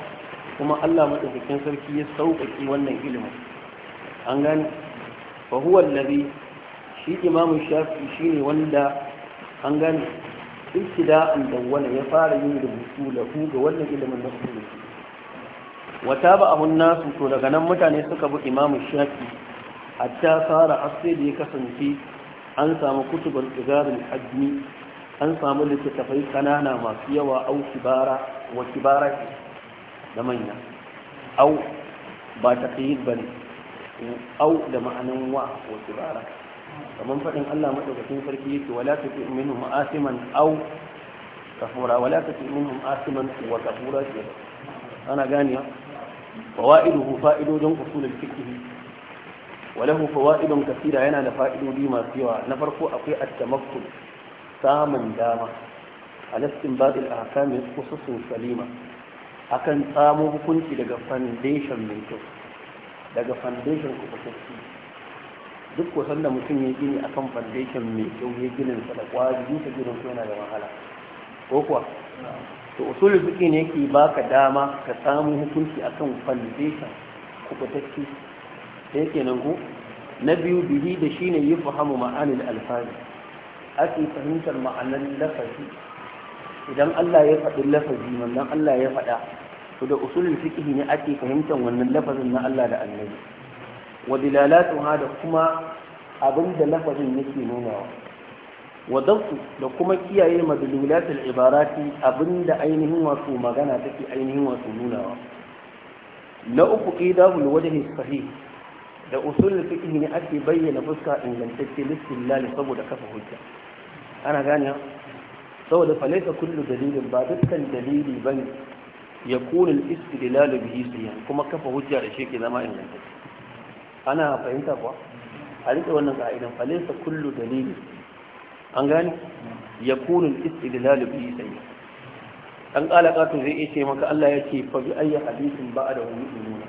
kuma Allah madaukakin sarki ya sauƙaƙi wannan ilimin an gani fa huwa alladhi shi imam shafi shi ne wanda an gani ibtida'an dawwala ya fara yin rubutu da hu ga wannan ilimin na usul fiqh wata ba ahun nasu to daga nan mutane suka bi imamu shafi a ta fara haske da ya kasance an samu kutubar tsigarin hajji an samu littattafai kanana masu yawa au kibara wa kibara da manya au ba ta kayi ba ne au da ma'anin wa wa kibara kamar faɗin allah maɗaukakin sarki yake wala ta fi minu ma'asiman au kafura wala ta fi minu ma'asiman wa kafura ke ana gani ganiya فوائده فائد جن أصول الفقه وله فوائد كثيرة هنا لفائدو لما سوى نفرق أقوى التمكن ساما داما على استنباط الأحكام القصص السليمة أكن سامو كنت لغا فانديشن من كو لغا فانديشن كفتسي duk ko da mutum ya gini akan foundation mai kyau ya ginin sa da kwaji duka ginin yana da wahala ko kuwa to usulul fiqh ne yake baka dama ka samu hukunci akan foundation kubutacci da yake nan ko na biyu bihi da shine yi fahimu ma'anil alfazi ake fahimtar ma'anar lafazi idan Allah ya faɗi lafazi wannan Allah ya faɗa to da usulul fiqh ne ake fahimtar wannan lafazin na Allah da Annabi wa dilalatuha da kuma abin da lafazin yake nunawa wa da kuma kiyaye madlulatul ibarati abinda ainihin wasu magana take ainihin wasu nunawa na uku qidabul wajhi sahih da usul fiqh ne ake bayyana fuska ingantacce lillahi saboda kafa hujja ana gane saboda falaita kullu dalilin ba dukkan dalili bane ya kuna istidlal bihi siyan kuma kafa hujja da shi ke zama ingantacce ana fahimta kuwa a rike wannan ka'idan falaita kullu dalilin an gani ya kunun istidlalu bi sai dan kala katun zai ce maka Allah ya ce fa bi ayyi hadisin ba da wani imani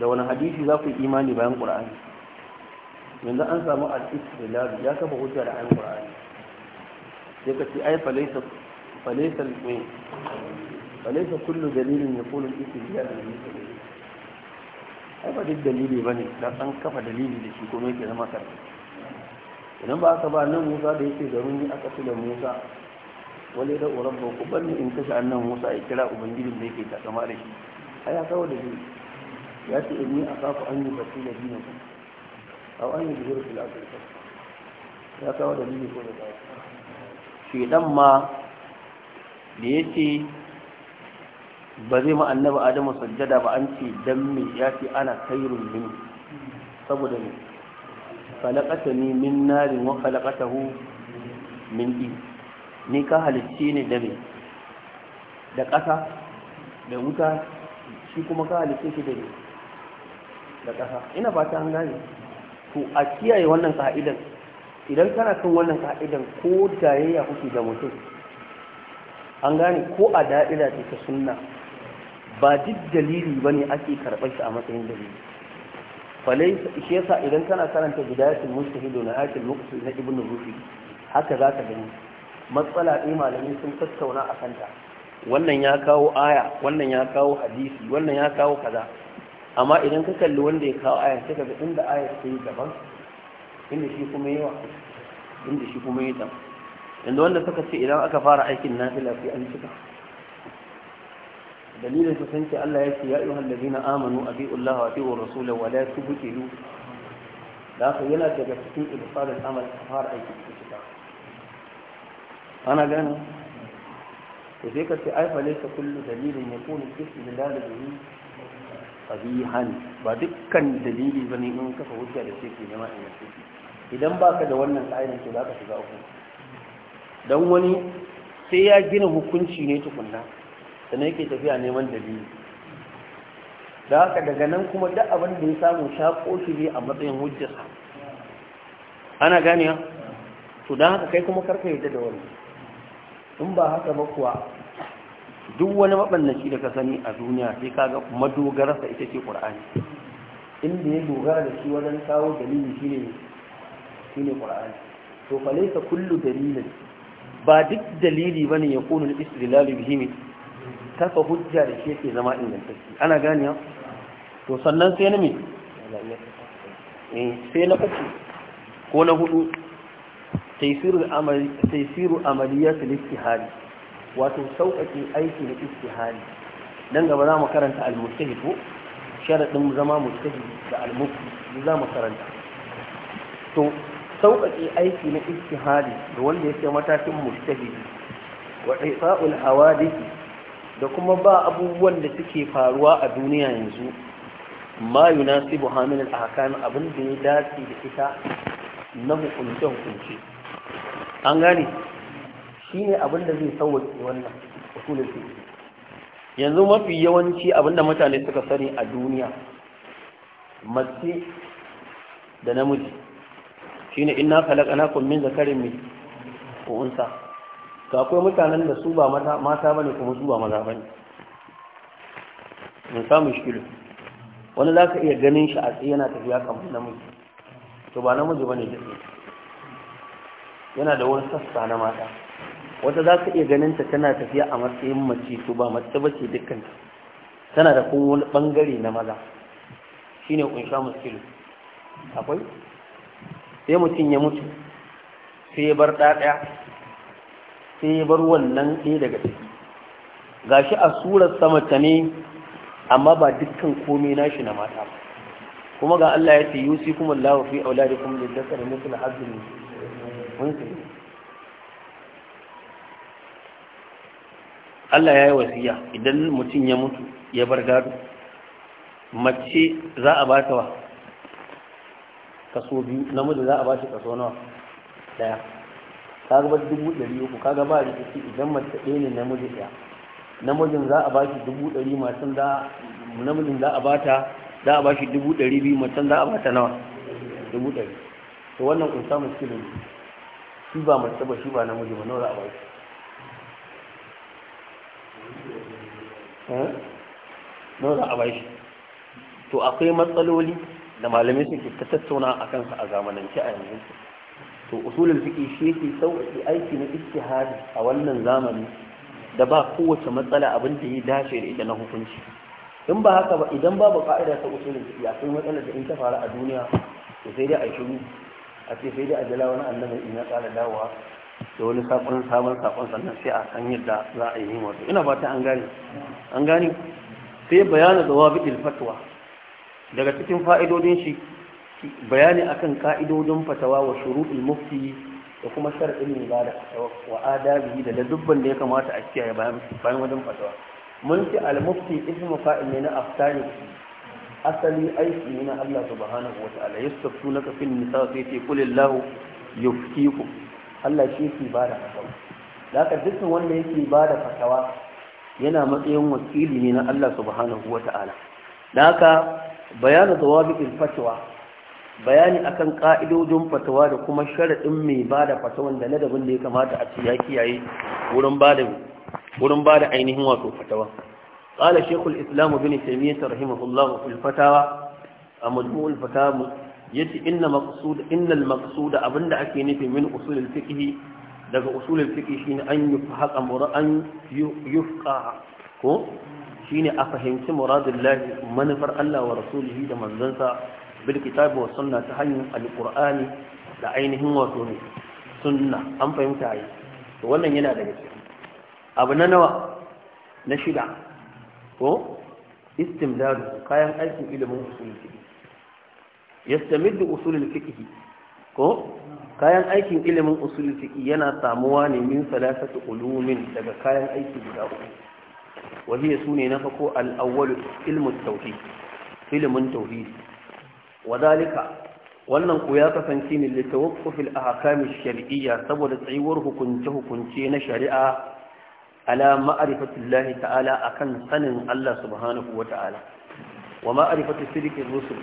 da wani hadisi za ku imani bayan qur'ani yanzu an samu al-istidlal ya kafa hujja da ayin qur'ani sai ka ce ai falaysa falaysa falaysa kullu dalilin ya al-istidlal bi sai ai ba duk dalili bane da an kafa dalili da shi komai ke zama karfi idan ba aka ba nan musa da yake da ni aka fi da musa wale da uran ba ku banni in kashe annan musa ya kira ubangijin da yake takama da shi a ya kawo da shi ya ce in ni a kafa an yi basu da dina ku a an yi zuwa fil afirka ya kawo da dini ko da ba shi dan ma da ya ce ba zai ma annabi adamu sajjada ba an ce dan me ya ce ana kairun min saboda ne khalaqatani min narin wa khalaqatahu min din ni ka halicce ne da me da ƙasa da wuta shi kuma ka halicce shi da me da ƙasa ina fata an gane to a kiyaye wannan ka'idan idan kana kan wannan ka'idan ko tayayya kuke da mutum an gane ko a da'ira ce ta sunna ba duk dalili bane ake karɓar shi a matsayin dalili falai shi yasa idan kana karanta bidayatul mujtahid na hakil muqsid na ibnu rufi haka zaka gani matsala ɗaya malamai sun tattauna a kanta wannan ya kawo aya wannan ya kawo hadisi wannan ya kawo kaza amma idan ka kalli wanda ya kawo aya sai kaga inda aya ta yi daban inda shi kuma yawa inda shi kuma yi daban inda wanda suka ce idan aka fara aikin nafila sai an cika dalilin su san ce Allah ya ce ya ayyuhal ladina amanu abiullahi wa abiur rasul wa la tubtilu da haka yana daga cikin ibsalul amal fara aiki da shi ana gani. to sai ka ce ai fa laysa kullu dalilin yakunu fi istidlalihi qabihan ba dukkan dalili bane in kafa hujja da shi ne ma in shi idan baka da wannan ka'idan to zaka shiga uku dan wani sai ya gina hukunci ne tukunna Da sannan yake tafiya neman dalili da haka daga nan kuma duk abin da ya samu shaƙo shi ne a matsayin hujjarsa ana ganiya to don haka kai kuma karka yadda da wani in ba haka ba kuwa duk wani maɓannaci da ka sani a duniya sai kaga madogararsa ita ce ƙur'ani inda ya dogara da shi wajen kawo dalili shine shine ƙur'ani to fa kullu dalilin ba duk dalili bane ya kunu al-istidlal bihi kafa hujja da shi yake zama ingantacce ana ganiya to sannan sai na me eh, sai na uku ko na hudu taisiru amaliyat al-istihari wato sauƙaƙe aiki na istihari dan gaba za mu karanta al-mustahid ko sharadin zama mustahid da al-mufti za mu karanta to sauƙaƙe aiki na istihari da wanda ya yake matakin mustahid wa ihsa'ul hawadith da kuma ba abubuwan da suke faruwa a duniya yanzu ma yunasibu hamil al-ahkam abin da ya dace da ita na hukunce hukunce an gane ne abin da zai sauwaƙe wannan usulul su yanzu mafi yawanci abin da mutane suka sani a duniya mace da namiji shine inna khalaqnakum min zakarin mai ko unsa Ka akwai mutanen da su ba mata bane kuma su ba maza bane mun samu shiru wani za ka iya ganin shi a tsaye yana tafiya kamar namiji to ba namiji bane da yana da wani sassa na mata wata za ka iya ganin ta tana tafiya a matsayin mace to ba mace bace dukkan tana da kuma wani bangare na maza shine kunsha muskilu akwai sai mutum ya mutu sai ya bar ɗaya-ɗaya. sai ya bar wannan ɗaya daga ciki gashi a surar sama ta ne amma ba dukkan komai nashi na mata ba kuma ga Allah ya ce yusi kuma Allah fi da lil zakari mithl hazmi munsi Allah ya yi wasiya idan mutum ya mutu ya bar gado mace za a ba ta wa kaso biyu namiji za a ba shi kaso nawa daya ka dubu ɗari uku ka ga ba rikici idan mace ɗaya ne namiji ɗaya namijin za a bashi dubu ɗari matan za namijin za a bata za a bashi dubu ɗari biyu matan za a bata nawa dubu ɗari to wannan kun samu kilo ne shi ba mace ba shi ba namiji ba nawa za a bashi eh? nawa za a bashi to akwai matsaloli da malamai suke ta tattauna a kansa a zamanance a yanzu to usulul fiqi shi yake sauƙi aiki na ijtihadi a wannan zamani da ba kowace matsala abin da ya dace da ita na hukunci in ba haka ba idan babu ka'ida ta usulul fiqi akwai matsalar da in ta faru a duniya to sai dai a shiru a ce sai dai a jala wani annabi in ya tsara dawowa da wani sakon sabon sakon sannan sai a san yadda za a yi wato ina fata an gane an gane sai bayana da wabi fatwa daga cikin fa'idodin shi bayani akan ka'idodin fatawa wa shuru'ul mufti da kuma shar'in ibada wa adabihi da dubban da ya kamata a kiyaye bayan wajen fatawa mun ci al-mufti ismu fa'il ne na aftani asali aiki ne na Allah subhanahu wa ta'ala yastaftu laka fil nisa sai ce qul illahu yuftiku Allah shi ke bada fatawa da haka dukkan wanda yake ba da fatawa yana matsayin wakili ne na Allah subhanahu wa ta'ala da haka bayanu zawabi fatawa. bayani akan ka'idojin fatawa da kuma sharaɗin mai ba da fatawan da ladabin da ya kamata a ce ya kiyaye wurin ba da ainihin wato fatawa قال شيخ الإسلام بن تيمية رحمه الله في الفتاوى مجموع الفتاوى يتي إن مقصود إن المقصود abinda ake في من أصول الفقه daga usulul fiqh shine an yufhaqa mura'an yufqa ko shine a fahimci muradullahi manufar Allah wa rasulihi da manzansa bil kitabi wa sunna ta hanyar alqur'ani da ainihin wato ne sunna an fahimta yi to wannan yana daga ciki abu na nawa na shida ko istimdadu kayan aikin ilimin usul fiqh yastamiddu usul fiqh ko kayan aikin ilimin usul fiqh yana samuwa ne min salasatu ulumin daga kayan aiki guda uku wahiya sune na farko al-awwal ilmu tauhid ilimin tauhid wadalika wannan ku ya kasance ne litawaqqufil ahkam ash-shar'iyya saboda tsayuwar hukunce hukunce na shari'a ala ma'rifatillahi ta'ala akan sanin Allah subhanahu wa ta'ala wa ma'rifati sidiqir rusul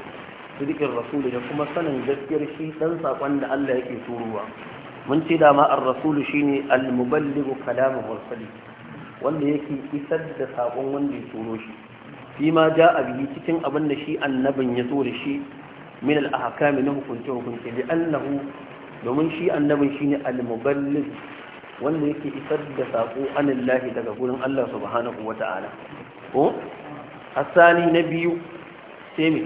da kuma sanin gaskiyar shi ɗan sakon da Allah yake turuwa mun ce da ma ar-rasul shine al-muballighu kalam mursali wanda yake isar da saƙon wanda ya turo shi fi ma ja a biyu cikin abin da shi annabin ya zo da shi minal al-ahkam na hukunce hukunce li annahu domin shi annabin shine al-muballigh wanda yake isar da sako anillahi daga gurin Allah subhanahu wata'ala ko asani na biyu sai me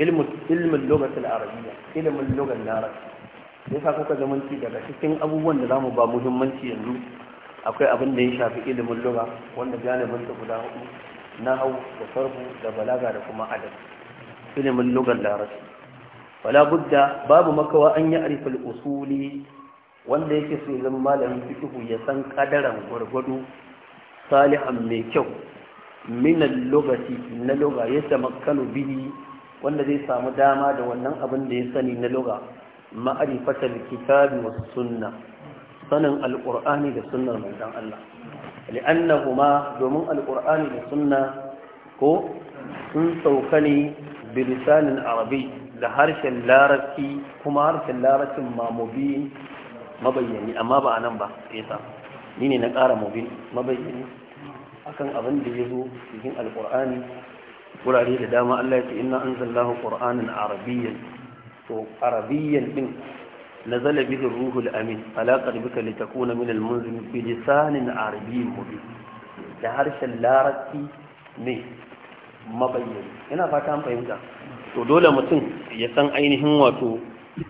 ilmu ilmin lugat al-arabiyya ilmin lugat al-arabiyya yasa kuka zamanci daga cikin abubuwan da zamu ba muhimmanci yanzu akwai abin da ya shafi ilimin loga wanda janibin ta guda hudu na hau da farko da balaga da kuma adab ilimin lugar larabci wala budda babu makawa an yi arifin usuli wanda yake so zan malamin fiqhu ya san kadaran gwargwado salihan mai kyau minan al-lugati na lugha ya kano bihi wanda zai samu dama da wannan abin da ya sani na lugha ma'rifatal kitabi wasu sunna sanin alqur'ani da sunnar manzon Allah ma domin alqur'ani da sunna ko sun sauka ne bilisanin arabi da harshen larabci kuma harshen larabcin ma mubin mabayyani amma ba a nan ba isa ni ne na ƙara mubin mabayyani akan abin da ya zo cikin alƙur'ani wurare da dama Allah ya ce inna anzalnahu qur'anan arabiyyan to arabiyyan din nazala bihi ruhul amin ala qalbika litakuna min almunzir bi lisanin arabiyyin mubin da harshen larabci ne mabayyani ina fata an fahimta to dole mutum ya san ainihin wato